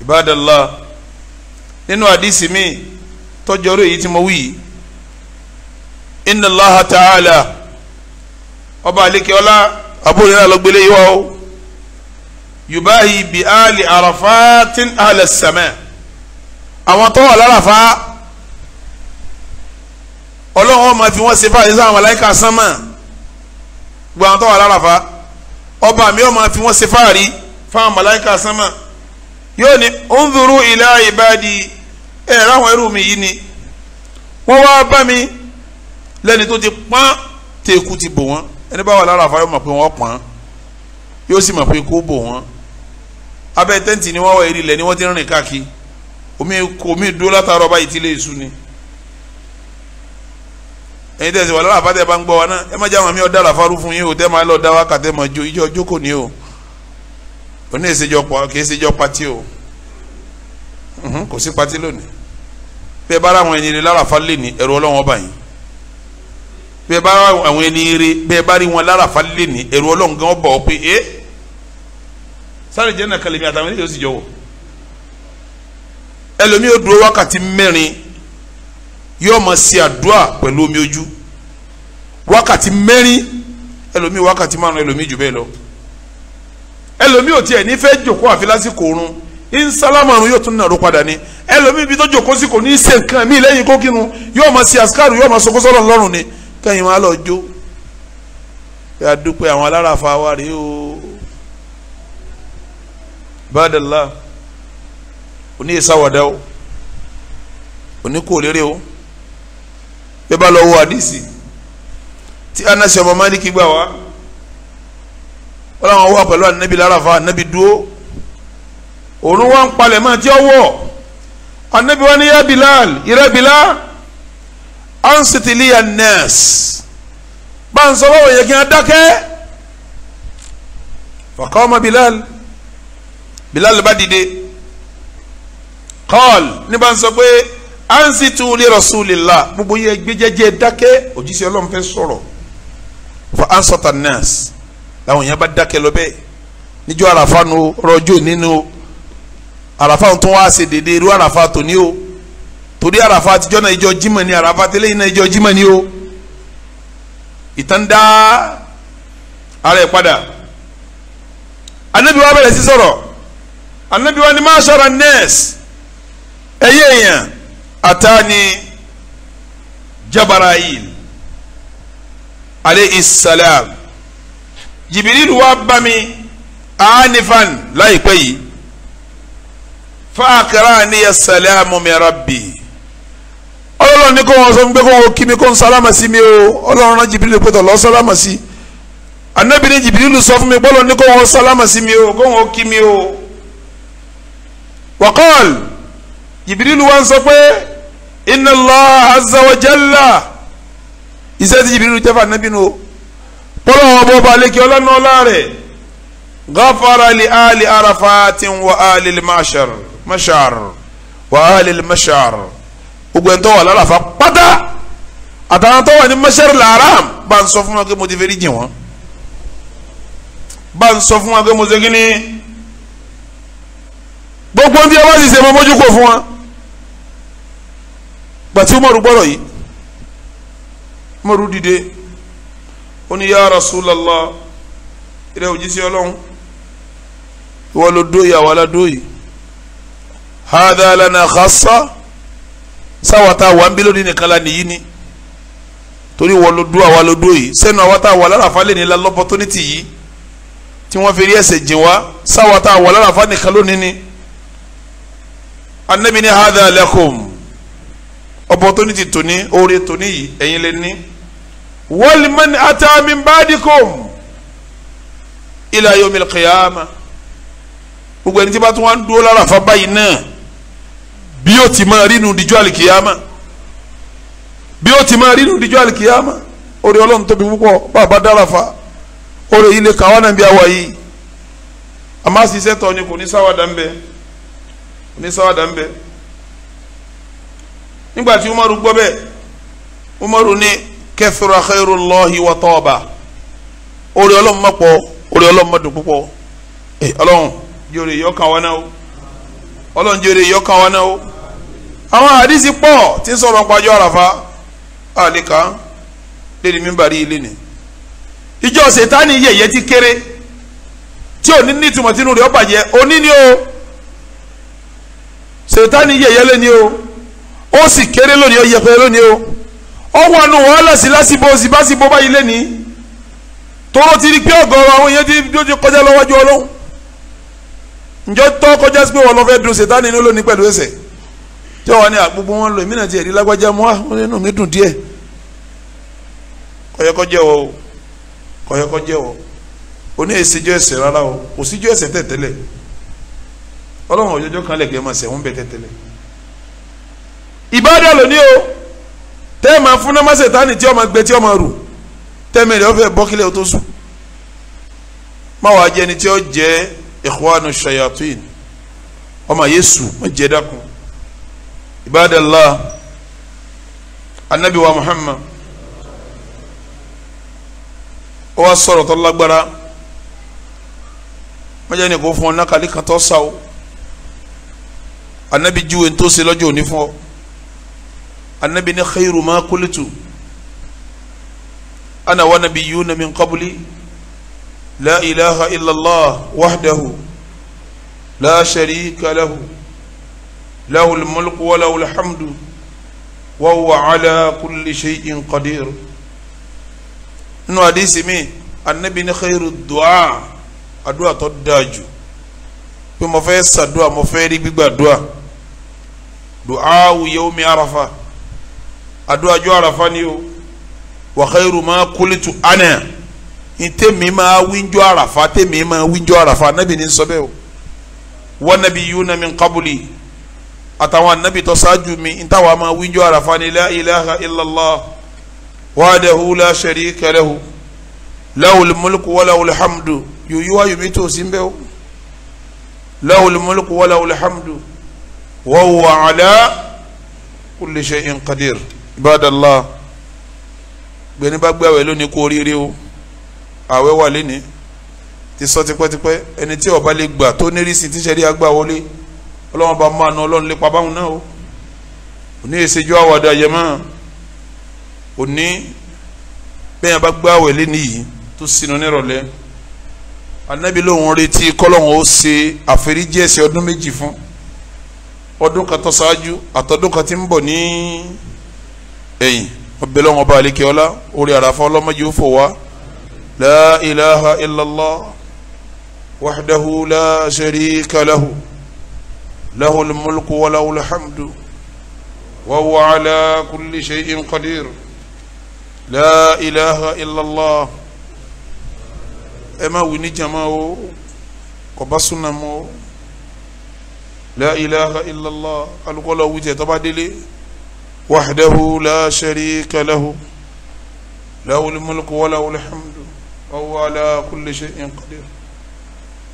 Ibadallah nínú àdìsí mi tọ́jọ́rọ́ èyí tí mo wí yìí inna allah ta'ala ọba àlekè ọlá abúlé náà ló yìí wá o yubahi bi ali arafatin ala sama àwọn tó wà lárafá ọlọ́run máa fi wọ́n ṣe báyìí sáwọn màláíkà sánmà gbogbo àwọn tó wà láràfà ọba mi ó máa fi wọ́n ṣe fáàrí fáwọn màláìka sánmà yóò ní unzuru ila ibadi ẹ̀ ráwọn ẹrú mi yìí ni wọ́n wá bá mi lẹ́ni tó ti pọ́n tẹ̀kù ti bò wọ́n ẹni bá wà láràfà yóò mọ̀ pé wọ́n pọ́n yóò sì mọ̀ pé kó bò wọ́n abẹ́ tẹ́ǹtì ni wọ́n wà èrì ni wọ́n ti rìn káàkiri omi kò mí dúró látàárọ̀ báyìí tí lè sùn ni ẹ̀yin tẹ̀sí wà lára àfàtẹ́ bá ń gbọ́ wa náà ẹ má jẹ́ àwọn mi ọ̀dà làfàrú fún yín o tẹ́ máa lọ dá wa kàtẹ́ máa jó ìjọ jókòó ni o oní ìṣèjọpọ̀ kì í ṣèjọ pati o kò sí pati lónìí bẹ́ẹ̀ bá ara àwọn ẹni rẹ lára ní ẹ̀rọ Ọlọ́run ọba yìí bẹ́ẹ̀ bá àwọn ẹni bẹ́ẹ̀ bá rí wọn lára àfa ní ẹ̀rọ Ọlọ́run gan ọba pé ẹ́ sáré jẹ́ nàkàlẹ́mí àtàwọn ẹni yóò sì jọ wọ̀ yóò máa ṣe àdúrà pẹ̀lú omi ojú wákàtí mẹ́rin ẹlòmíì wákàtí márùn ẹlòmíì jù bẹ́ẹ̀ lọ ẹlòmíì ò tiẹ̀ ní fẹ́ jòkó àfi lásìkò oorun ìnsálámàrún yóò tún nàró padà ní ẹlòmíì bí tó jòkó sí kò ní í ṣe nǹkan mí lẹ́yìn kó kírun yóò máa ṣe àṣkárù yóò máa sọkóso lọ́rùn ni kẹ́yìn máa lọ jó ẹ àdúpẹ́ àwọn alárafa wa rèé o bàdàlá oníyèsáwàdà o oníkòlérè o bẹ́ẹ̀ bá lọ wo àdìsí tí anasi ọmọ maliki gbà wá wọ́n làwọn wà pẹ̀lú anabi larafa anabi dúró òun wà ń palẹ̀ máa tí ó wọ̀ anabi wa ni ya bilal yẹrẹ bilal ansitili ya nurse bá ń sọ wọ́n wọ̀nyẹ kí n dákẹ́ fakọ́mọ bilal bilal bá dìde kọ́ọ̀l ní bá ń sọ pé ansitu li rasulillah gbogbo yẹ gbẹjẹjẹ dákẹ́ òjíṣẹ́ Ọlọ́run fẹ́ sọ̀rọ̀ fa ansata nas làwọn yẹn bá dákẹ́ lọ bẹ́ẹ̀ níjọ́ àràfà nu rọjò nínú àràfà tó wá ṣe dédé irú àràfà tó ní o torí àràfà àtijọ́ náà ìjọ jimá ni àràfà tẹ́lẹ̀ yìí náà ìjọ jimá ni o ìtàn dá ara ẹ̀ padà anabi bẹ̀rẹ̀ sí sọ̀rọ̀ anabi ni ma ṣara ẹ̀yẹ́ èèyàn atani jabarayil aleyhi salam jibirilu wá bá mi anifan láìpẹ́ yìí fáàkàrà ni ya salamu mi rabbi ọlọ́run ní kó wọn sọ pé kó wọn kí mi kó n sálámà sí mi o ọlọ́run náà jibirilu pé tọ̀ lọ́ sálámà sí anabi ni sọ fún mi bọ́lọ̀ ní kó wọn sálámà sí mi o kó wọn kí mi o waqal jibirilu wá ń sọ pé inna Allah azza wa jalla iṣẹ́ ti Jibril jẹ́fà nàbí nu kpọ́lọ́ wọn bọ́ balẹ̀ kí ọlọ́nà ọlá rẹ̀ ghafara li ali arafatin wa ali mashar mashar wa ali mashar ogun tó wà lálàfà pátá àtàwọn tó wà ní mashar laram bá ń sọ fún wa mo ti fẹ́ rí jìn wọn bá ń sọ mo ti gbogbo ndí ẹ wá sì ṣe mo mójú kó fún wa gbàtí umaru gbọ́rọ̀ yìí umaru dìde ó ní ya Rasulallah ìrẹ́ òjíṣẹ́ ọlọ́run ìwọ ló dóyè àwọn aládóyè hadha lana khassa sáwọn tá a wà ń bí lónìí nìkan la nìyí ni torí ìwọ ló dó àwọn aládóyè sẹ́nu àwọn tá a wà lára falẹ̀ ní la l'opportunity yìí tí wọ́n fi rí ẹsẹ̀ jìn wá sáwọn tá a wà lára nìkan lónìí ni anabi ni hadha opportunity tòní oore tòní yìí ẹ̀yin lè ní. wọ́lìmọ́ni atami badikom ila yomil qiyama gbogbo ẹni tí bá tún wá ń dúró lára àfa báyìí náà bí yóò ti máa rínu díjọ́ àlìkìyàmà bí yóò ti máa rínu díjọ́ àlìkìyàmà oore ọlọ́run tóbi púpọ̀ bàbá dára fa oore yìí lè kàwá náà bí àwa yìí àmọ́ àṣìṣe tọ́ ni kò ní sáwádà ń bẹ kò ní sáwádà ń bẹ. nigbati umaru gbɔbɛ umaru ni kethuru xeyiru lɔhi wa tɔɔba ori ɔlɔn ma kpɔ ori ɔlɔn ma dugu kpɔ ee ɔlɔn jori yɔ kan wana o ɔlɔn jori awon hadisi kpɔ ti sɔrɔ nkpajɔ arafa ale kan lele mi bari ile ni ijɔ setani yeye ti kere tí o ní ní tumọ̀tínú rẹ̀ ọ́ o ní ni o setani yeye le ni o. ó sì kéré lónìí ó yẹpẹrẹ lónìí o ó wà nù wàhálà sí lásìbò sí básìbò báyìí lẹ́nìí tóró ti rí pé ọ̀gọ̀rọ̀ àwọn èèyàn ti dúró ti kọjá lọ́wọ́jú ọlọ́run ǹjọ́ tọ́ kọjá sí pé wọn lọ fẹ́ dùn sèta nínú lónìí pẹ̀lú ẹsẹ̀ tí wọn ní àgbogbo wọn lò ìmínà tiẹ̀ rí lágbájá mọ́ àwọn nínú mi dùn díẹ̀ kọ̀yẹ́kọ́jẹ́ wọ o kọ̀yẹ́kọ́jẹ́ wọ o ní èsìjọ́ ẹsẹ̀ rárá o kò síjọ́ ẹsẹ̀ tẹ̀tẹ̀lẹ̀ ọlọ́run ọ̀jọ́jọ́ kan lẹ̀ kí máa sẹ̀ ń tẹ̀tẹ̀lẹ̀ ìbádà lóní o tẹ́ ẹ máa fún náà sẹ̀tánì tí ọmọ gbé tí ọmọ rù tẹ́mi rẹ̀ ó fẹ́ bọ́ kílẹ̀ ó tó sùn máa wàá jẹ́ ẹni tí ó jẹ́ ikhwanu shayatin ọmọ yéésù ó jẹ́ dákun ibadallah anabi wa muhammad ó wá sọ̀rọ̀ tó lágbára mọ́jà ni kò fún ọ nákàlí kan tó sá o anabi júwe tó ṣe lọ́jọ́ òní fún ọ anabi ni khairu ma kulitu ana wa nabiyuna min qabli la ilaha illallah wahdahu la sharika lahu lahu almulku wa lahu alhamdu wa huwa ala kulli shay'in qadir nu hadisi mi anabi ni khairu du'a àdúà tó dájú pé mo fẹ́ ṣàdúà mo fẹ́ rí gbígbà àdúà du'a yawmi arafa àdúrà ọjọ́ àràfà ni o wa khairu ma kulitu ana ntẹ̀mí máa wíjọ́ àràfà tẹ̀mí máa wíjọ́ àràfà anabi ní sọ bẹ́ẹ̀ o wa nabiyuna min qabli àtàwọn anabi tó ṣáájú mi ntàwọn máa wíjọ́ àràfà ni la ilaha illallah wahdahu la sharika lahu lawul mulku wa lawul hamdu yoyi wa yomi tó o lawul mulku wa lawul hamdu wa huwa ala kulli shay'in qadir ibadallah gbẹni bá gbé àwẹ̀ lónìí kú oríire o àwẹ̀ wà lẹ́ni ti sọ tipẹ́tipẹ́ ẹni tí ọba lè gbà tó ní rísì tíṣẹ̀rí agbá wọlé ọlọ́wọ́n bá máa na ọlọ́run lépa báwọn náà o òní èsèjú àwàdà yẹmọ́ òní bẹ́ẹ̀ bá gbé àwẹ̀ lẹ́ni yìí tó sinú nírọ̀lẹ́ anabi lóun retí kọ́lọ́hún ó ṣe àforíjì ẹ̀ṣẹ̀ ọdún méjì fún ọdún kan tó ṣáájú àtọdún kan tí ń bọ̀ ní. Ni اي وبلون بالك ولا ولي عرف الله ما يوفوا لا اله الا الله وحده لا شريك له له الملك وله الحمد وهو على كل شيء قدير لا اله الا الله اما وني جماو كبسنا مو لا اله الا الله القول وجه تبادلي وحده لا شريك له له الملك وله الحمد وهو على كل شيء قدير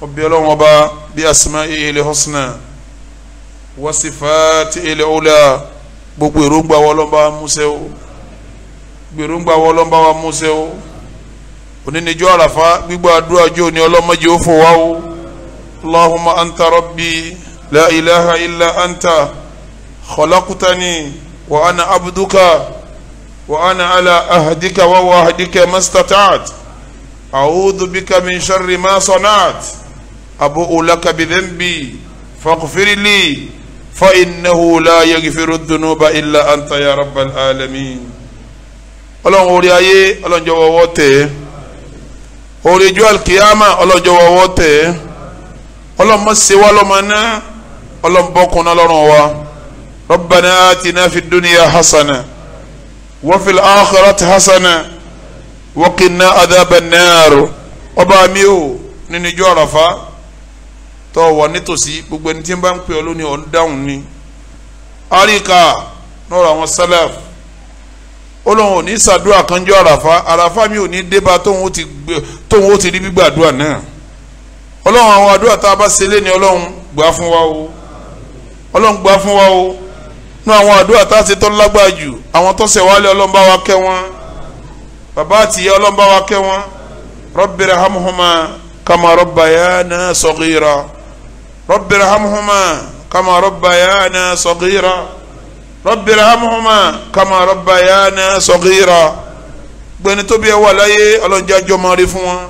ربي لهم وبا بأسمائه الحسنى وصفاته العلى gbogbo èròǹgbà wọn lọ́nba wa músẹ́ o gbogbo èròǹgbà wọn lọ́nba wa músẹ́ o onínijọ́ àràfá gbígbà àdúrà jọ ní ọlọ́mọdé ó fò wá o allahumma anta rabbi la ilaha illa anta khalaqtani. وأنا عبدك وأنا على أهدك ووعدك ما استطعت أعوذ بك من شر ما صنعت أبوء لك بذنبي فاغفر لي فإنه لا يغفر الذنوب إلا أنت يا رب العالمين ọlọ́run orí ayé ọlọ́run jọ̀wọ́ ọwọ́ tẹ̀ ẹ́ orí ijó alikiyama ọlọ́run jọ̀wọ́ ọwọ́ tẹ̀ ẹ́ ọlọ́run mọ̀ ṣe wá lọ́mọ náà ọlọ́run bọ́kùnrin ọlọ́run wa. ربنا آتنا في الدنيا حسنة وفي الآخرة حسنة وقنا عذاب النار ọba mi o nínú ijó àràfá tó wà nítòsí gbogbo ẹni tí ń bá ń pè ọ lónìí ọ̀n dáhùn ni àríkà lọ́rọ̀ àwọn sálàf ó lóun ò ní sàdúrà kanjọ́ àràfá àràfá mi ò ní débà tóun ó ti rí gbígbàdúrà náà ọlọ́run àwọn àdúrà tá a bá ṣe lé ní ọlọ́run gbà fún wa o ọlọ́run gbà fún wa o nu àwọn àdúrà tá a ṣe tó lágbára jù àwọn tó ṣẹ̀ wálé ọlọ́mbà wa kẹ́ wọn bàbá àtìyá ọlọ́mbà wa kẹ́ wọn rabbir hamhuma kama rabbayana saghira rabbir hamhuma kama rabbayana saghira rabbir hamhuma kama rabbayana saghira gbẹni tóbi ẹ wà láyé ọlọ́njẹ́ àjọmọ́ rí fún wọn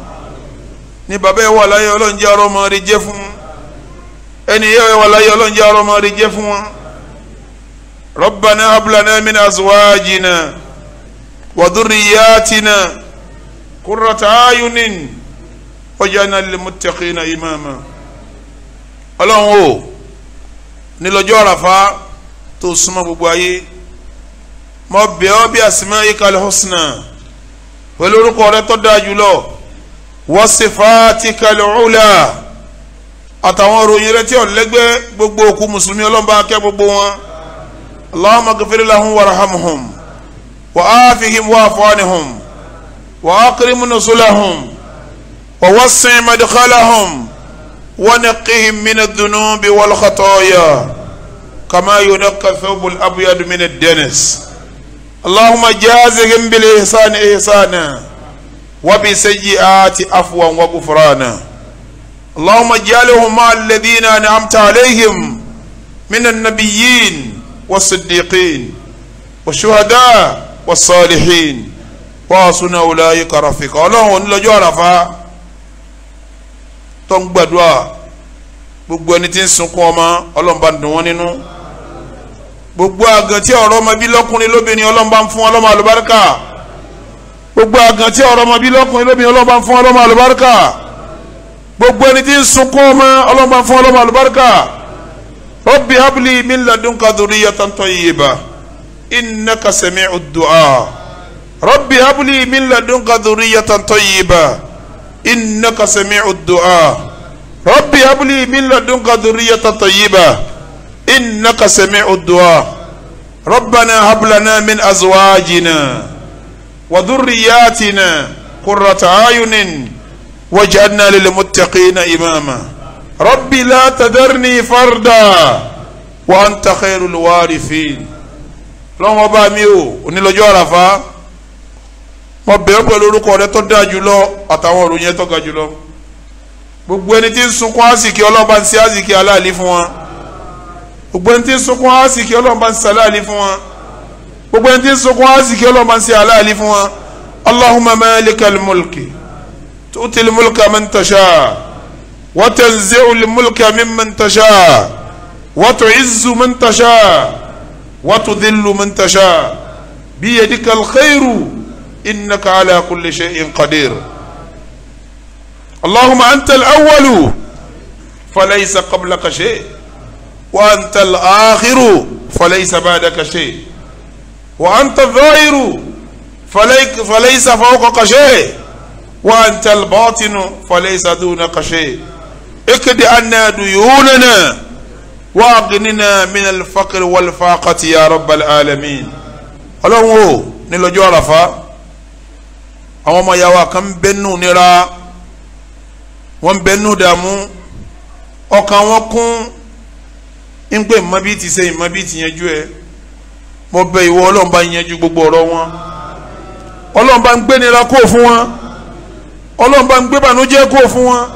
ní bàbá ẹ wà láyé ọlọ́njẹ́ àrọ́mọ́ rí jẹ́ fún wọn ẹni yẹ wà láyé ọlọ́njẹ́ àrọ́mọ́ rí jẹ́ fún wọn. ربنا هب لنا من أزواجنا وذرياتنا قرة أعين واجعلنا للمتقين إماما ọlọ́run o ní lọ́jọ́ àràfá tó súnmọ́ gbogbo ayé mo bẹ̀ ọ́ bí àsìmọ́ ayékalẹ̀ hosnà pẹ̀lú orúkọ rẹ tó dáa jùlọ wasifatikal ula àtàwọn òròyìn rẹ tí ò lẹ́gbẹ́ gbogbo òkú mùsùlùmí ọlọ́mọba akẹ́ gbogbo wọn. اللهم اغفر لهم وارحمهم وآفهم واعف عنهم وأكرم نزلهم ووسع مدخلهم ونقهم من الذنوب والخطايا كما ينقى الثوب الأبيض من الدنس اللهم جازهم بالإحسان إحسانا وبسيئات عفوا وغفرانا اللهم اجعلهم مع الذين أنعمت عليهم من النبيين والصديقين والشهداء والصالحين وحسن أولئك رفيقا ọlọ́run onílọ́jọ́ àràfà tó ń gbàdúrà gbogbo ẹni tí ń sunkún ọmọ ọlọ́run bá ń dùn wọ́n nínú gbogbo àgàn tí ọ̀rọ̀ ọmọ bí lọ́kùnrin lóbìnrin ọlọ́run bá ń fún ọlọ́mọ àlùbáríkà gbogbo àgàn tí ọ̀rọ̀ ọmọ bí lọ́kùnrin lóbìnrin ọlọ́run ń fún ọlọ́mọ àlùbáríkà gbogbo ẹni tí ń sunkún ọmọ ọlọ́run ń fún ọlọ́mọ àlùbáríkà. رب هب لي من لدنك ذرية طيبة إنك سميع الدعاء رب هب لي من لدنك ذرية طيبة إنك سميع الدعاء رب هب لي من لدنك ذرية طيبة إنك سميع الدعاء ربنا هب لنا من أزواجنا وذرياتنا قرة أعين واجعلنا للمتقين إماماً ربي لا تذرني فردا وأنت خير الوارثين lọ́wọ́ ọba mi o onílọ́jọ́ àràfá mo bẹ̀ ọ́ pẹ̀lú orúkọ rẹ tó dáa jùlọ àtàwọn ọ̀rọ̀ yẹn tó ga jùlọ gbogbo ẹni tí ń sunkún àsìkí ọlọ́ba ń ṣe àsìkí aláàlí fún wọn gbogbo ẹni tí ń sunkún àsìkí ọlọ́ba ń ṣe aláàlí fún wọn gbogbo ẹni tí ń sunkún àsìkí ọlọ́ba ń ṣe aláàlí fún wọn allahumma malikal mulki tu'til mulka man وتنزع الملك ممن تشاء وتعز من تشاء وتذل من تشاء بيدك الخير إنك على كل شيء قدير اللهم أنت الأول فليس قبلك شيء وأنت الآخر فليس بعدك شيء وأنت الظاهر فليس فوقك شيء وأنت الباطن فليس دونك شيء اكد عنا ديوننا واغننا من الفقر والفاقة يا رب العالمين ọlọ́run o nílọ́jọ́ àràfá àwọn ọmọ ìyàwó kan ń bẹ́nu nira wọ́n ń bẹ́nu dààmú ọkàn wọn kún ń pè mọ́ bí ti ṣe ìmọ́ bí ti yanjú ẹ mo bẹ ìwọ ọlọ́run bá yanjú gbogbo ọ̀rọ̀ wọn ọlọ́run bá ń gbé nira kó fún wọn ọlọ́run bá ń gbé bànújẹ́ kó fún wọn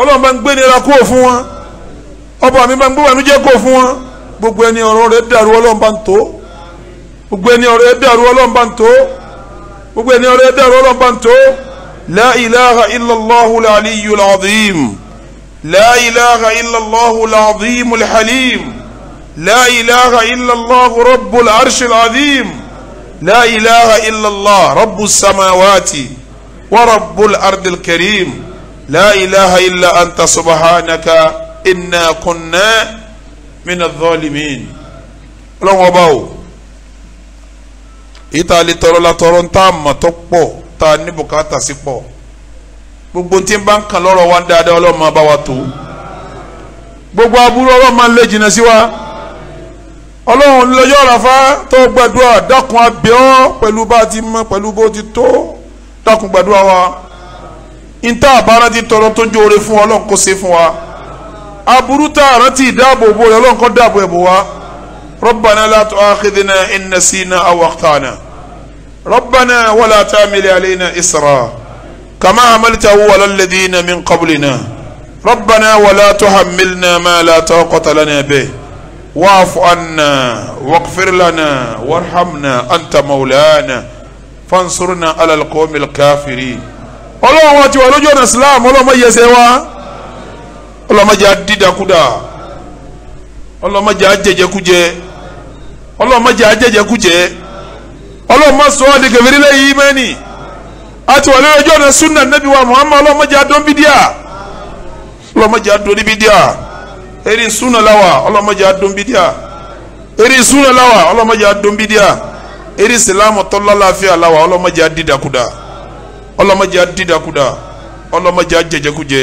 ọlọ́run bá ń gbé nira kúrò fún wọn ọba mi bá ń gbé wànújẹ́ kúrò fún wọn gbogbo ẹni ọ̀rọ̀ rẹ̀ dàrú ọlọ́run bá ń tó gbogbo ẹni ọ̀rọ̀ rẹ̀ dàrú ọlọ́run bá ń tó gbogbo ẹni ọ̀rọ̀ rẹ̀ dàrú ọlọ́run bá ń tó la illallahu aliyu alazim la illallahu alazim alhalim la illallahu rabbul arsh alazim la illallah rabbus samawati wa rabbul ardil karim. لا إله إلا أنت سبحانك إنا kunna من الظالمين. ọlọ́wọ́n bá o èyí tá a lè tọrọ la tọrọ tá a tó pọ̀ tá a ní bùkátà sí pọ̀ gbogbo tí n bá ń kàn lọ́rọ̀ wa dáadáa ọlọ́run máa bá wa tó gbogbo aburú ọlọ́run máa ń lé jìnnà sí wa ọlọ́run lọ́jọ́ àràfá tó gbàdúrà dákun abẹ́ ọ́ pẹ̀lú bá a ti mọ pẹ̀lú bó ti tó dákun gbàdúrà wa níta àbára ti tọrọ tó jó ore fún wa ọlọ́run kó ṣe fún wa aburú tá a rántí ìdáàbòbò rẹ ọlọ́run kó dáàbò ẹ̀bò wa rabbana la tu'akhidhna in nasina aw akhtana rabbana wala tahmil alayna isra kama hamaltahu ala alladhina min qablina rabbana wala tuhammilna ma la taqata lana bihi واعف عنا واغفر لنا وارحمنا انت مولانا فانصرنا على القوم الكافرين ọlọ́run wọn ti wà lójú ọ̀nà islam ọlọ́mọ yẹsẹ̀ wa ọlọ́mọdé adídakúdà ọlọ́mọdé ajẹjẹkújẹ ọlọ́mọdé ajẹjẹkújẹ ọlọ́mọ sọ ọ́ di kẹfẹ́rí lẹ́yìn imẹ́ni àti wà lójú ọ̀nà sunna nabi wa muhammad ọlọ́mọdé adọ́nbídíà ọlọ́mọdé adọ́nbídíà eri sunna lawa ọlọ́mọdé adọ́nbídíà eri sunna lawa ọlọ́mọdé adọ́nbídíà eri silamu tọ́lá láfíà lawa ọlọ́mọdé adídakúdà ọlọmọdé adídàkudà ọlọmọdé ajẹjẹkujẹ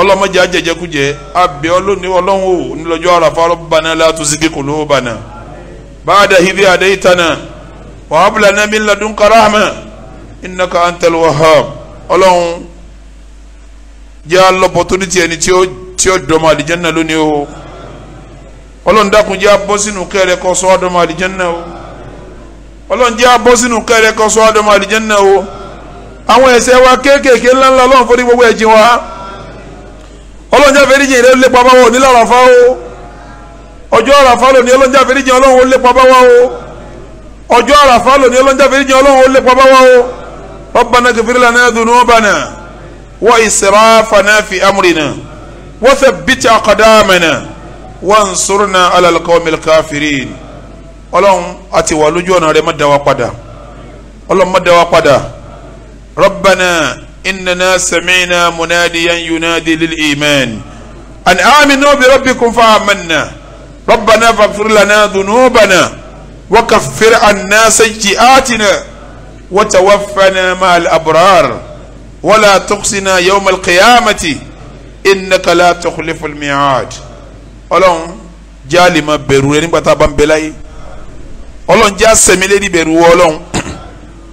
ọlọmọdé ajẹjẹkujẹ abẹ ọlọni ọlọwọ nílọjọ àràfà rabbana la tuzigi kulubana ba'da idh hadaytana wa hab lana min ladunka rahma innaka antal wahhab ọlọ́run jẹ́ alọ́pọ̀tunitì ẹni tí ó tí ó dọ́mọ àlìjẹ́nà lónìí o ọlọ́run dákun jẹ́ abọ́ sínú kẹ́rẹ́ kọ́ sọ́ àdọ́mọ àlìjẹ́nà o ọlọ́run jẹ́ abọ́ sínú kẹ́rẹ́ kọ́ sọ́ àdọ́mọ o àwọn ẹ̀ṣẹ̀ wa kéékèèké ńláńlá ọlọ́run forí gbogbo ẹ̀jìn wa ọlọ́run jẹ́ àfẹ́ríjìn rẹ̀ lépa bá wa ò ní lára fa o ọjọ́ àràfà lónìí ọlọ́run jẹ́ àfẹ́ríjìn ọlọ́run ó lépa bá wa o ọjọ́ àràfà lónìí ọlọ́run jẹ́ àfẹ́ríjìn ọlọ́run ó lépa bá wa o rabbana ghfir lana dhunubana wa israfana fi amrina wa thabbit aqdamana wansurna ala alqawmil kafirin ọlọ́run àti wà lójú ọ̀nà rẹ̀ má padà ọlọ́run má padà. ربنا إننا سمعنا مناديا ينادي للإيمان أن آمنوا بربكم فآمنا ربنا فاغفر لنا ذنوبنا وكفر عنا سيئاتنا وتوفنا مع الأبرار ولا تقصنا يوم القيامة إنك لا تخلف الميعاد ọlọ́run jẹ́ ما máa bẹ̀rù rẹ nígbà tá a bá ń bẹ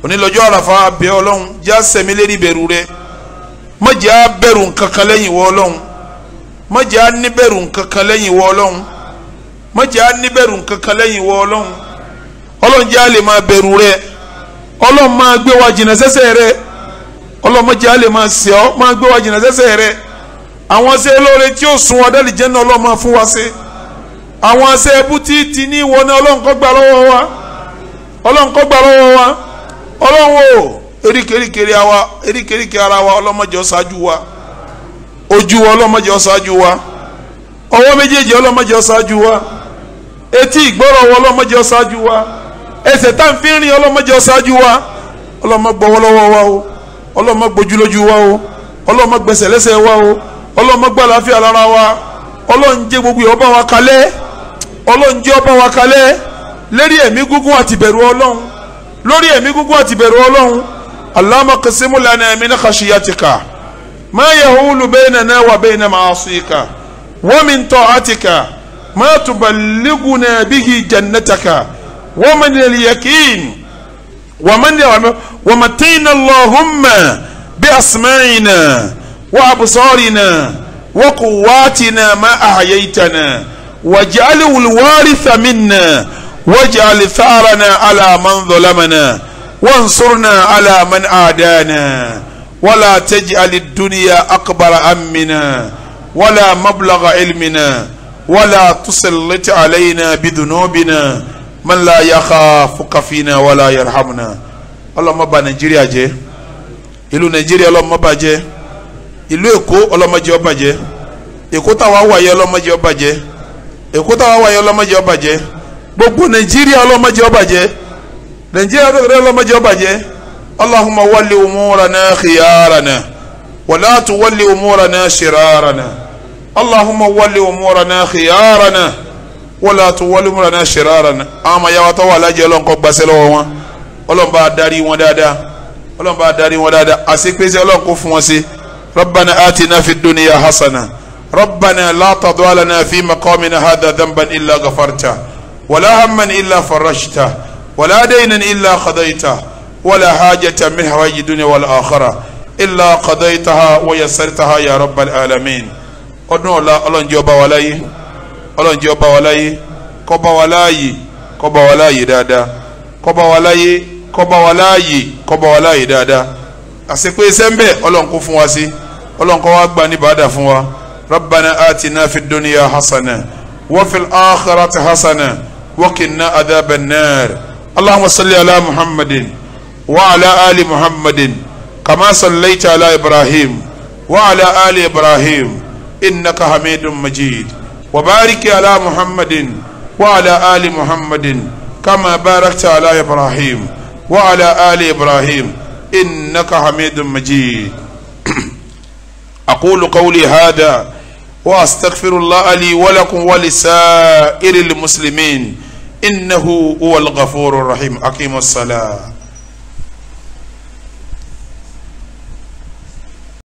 onílọ́jọ́ àràfà abẹ́ ọlọ́run já sẹ̀mí lérí bẹ̀rù rẹ má jẹ́ á bẹ̀rù nkankan lẹ́yìn wọ ọlọ́run má jẹ́ á ní bẹ̀rù nkankan lẹ́yìn wọ ọlọ́run má jẹ́ á ní bẹ̀rù nkankan lẹ́yìn wọ ọlọ́run ọlọ́run jẹ́ á lè máa bẹ̀rù rẹ ọlọ́run máa gbé wa jìnnà sẹ́sẹ̀ rẹ ọlọ́run má jẹ́ á máa sẹ́ ọ máa gbé wa jìnnà sẹ́sẹ̀ rẹ àwọn ṣe lóore tí ó sun ọ̀dẹ́lì jẹ́ náà ọlọ́run máa fún wa ṣe àwọn ṣe ẹbú ní ìwọ náà ọlọ́run kó gbà lọ́wọ́ wa ọlọ́run kó gbà lọ́wọ́ wa. ọlọ́run o eríkèéríkèé wa ara wa ọlọ́mọdé ọ̀ṣáájú wa ojú wa ọlọ́mọdé ọ̀ṣáájú wa ọwọ́ méjèèjì ọlọ́mọdé ọ̀ṣáájú wa etí ìgbọ́rọ̀ wa ọlọ́mọdé wa ẹsẹ̀ tá n fi rìn wa ọlọ́mọgbọ́wọ́lọ́wọ́ wa o ọlọ́mọgbójúlójú wa o ọlọ́mọgbẹsẹ̀lẹ́sẹ̀ wa o ọlọ́mọgbàláfíà lára wa gbogbo ọba lórí ẹ̀mí gígùn àti bẹ̀rù ọlọ́run Allahumma qsim lana min khashiyatika ma yahulu baynana wa bayna ma'asika wa min ta'atika ma tuballighuna bihi jannataka wa min al-yaqin wa man wa matina Allahumma bi asma'ina wa absarina wa quwwatina ma ahyaitana waj'alhu al-waritha minna واجعل ثارنا على من ظلمنا وانصرنا على من عادانا ولا تجعل الدنيا أكبر همنا ولا مبلغ علمنا ولا تسلط علينا بذنوبنا من لا يخافك فينا ولا يرحمنا اللهم با نيجيريا جي ìlú nàìjíríà ọlọ́mọ bàjẹ́ ìlú èkó ọlọ́mọdé ọbàjẹ́ èkó táwa wáyé ọlọ́mọdé ọbàjẹ́ èkó táwa wáyé ọlọ́mọdé ọbàjẹ́ gbogbo nàìjíríà ọlọ́mọdé ọbàjẹ́ nàìjíríà ọlọ́mọdé ọbàjẹ́ allahumma wali umurana khiyarana wala tu wali umurana shirarana allahumma wali umurana khiyarana wala tu wali umurana shirarana àwọn ọmọ yàrá tó wà lájẹ ọlọ́nkọ́ gbàsẹ́ lọ́wọ́ wọn ọlọ́nba darí wọn dáadáa ọlọ́nba darí wọn dáadáa àṣepèsè ọlọ́nkọ́ fún wọn sí rabbana atina fi dunya hasana rabbana la tadwalana fi maqamina ولا هما إلا فرجته ولا دينا إلا قضيته ولا حاجة من حوائج الدنيا والآخرة إلا قضيتها ويسرتها يا رب العالمين ọdún ọ̀la ọlọ́run jẹ́ ọba wa láyé ọlọ́run jẹ́ ọba wa láyé kọ́ba wa láàyè kọ́ba wa láàyè dáadáa kọ́ba wa láyé kọ́ba wa láàyè kọ́ba wa láàyè dáadáa àsìkò iṣẹ́ ń bẹ̀ ọlọ́run kó fún wa sí ọlọ́run kó wa gba ní bàdà fún wa rabbana atina fid dunya hasana wa fil akhirati hasana. وقنا عذاب النار اللهم صل على محمد وعلى آل محمد كما صليت على إبراهيم وعلى آل إبراهيم إنك حميد مجيد وبارك على محمد وعلى آل محمد كما باركت على إبراهيم وعلى آل إبراهيم إنك حميد مجيد أقول قولي هذا وأستغفر الله لي ولكم ولسائر المسلمين إنه هو الغفور الرحيم أقيم الصلاة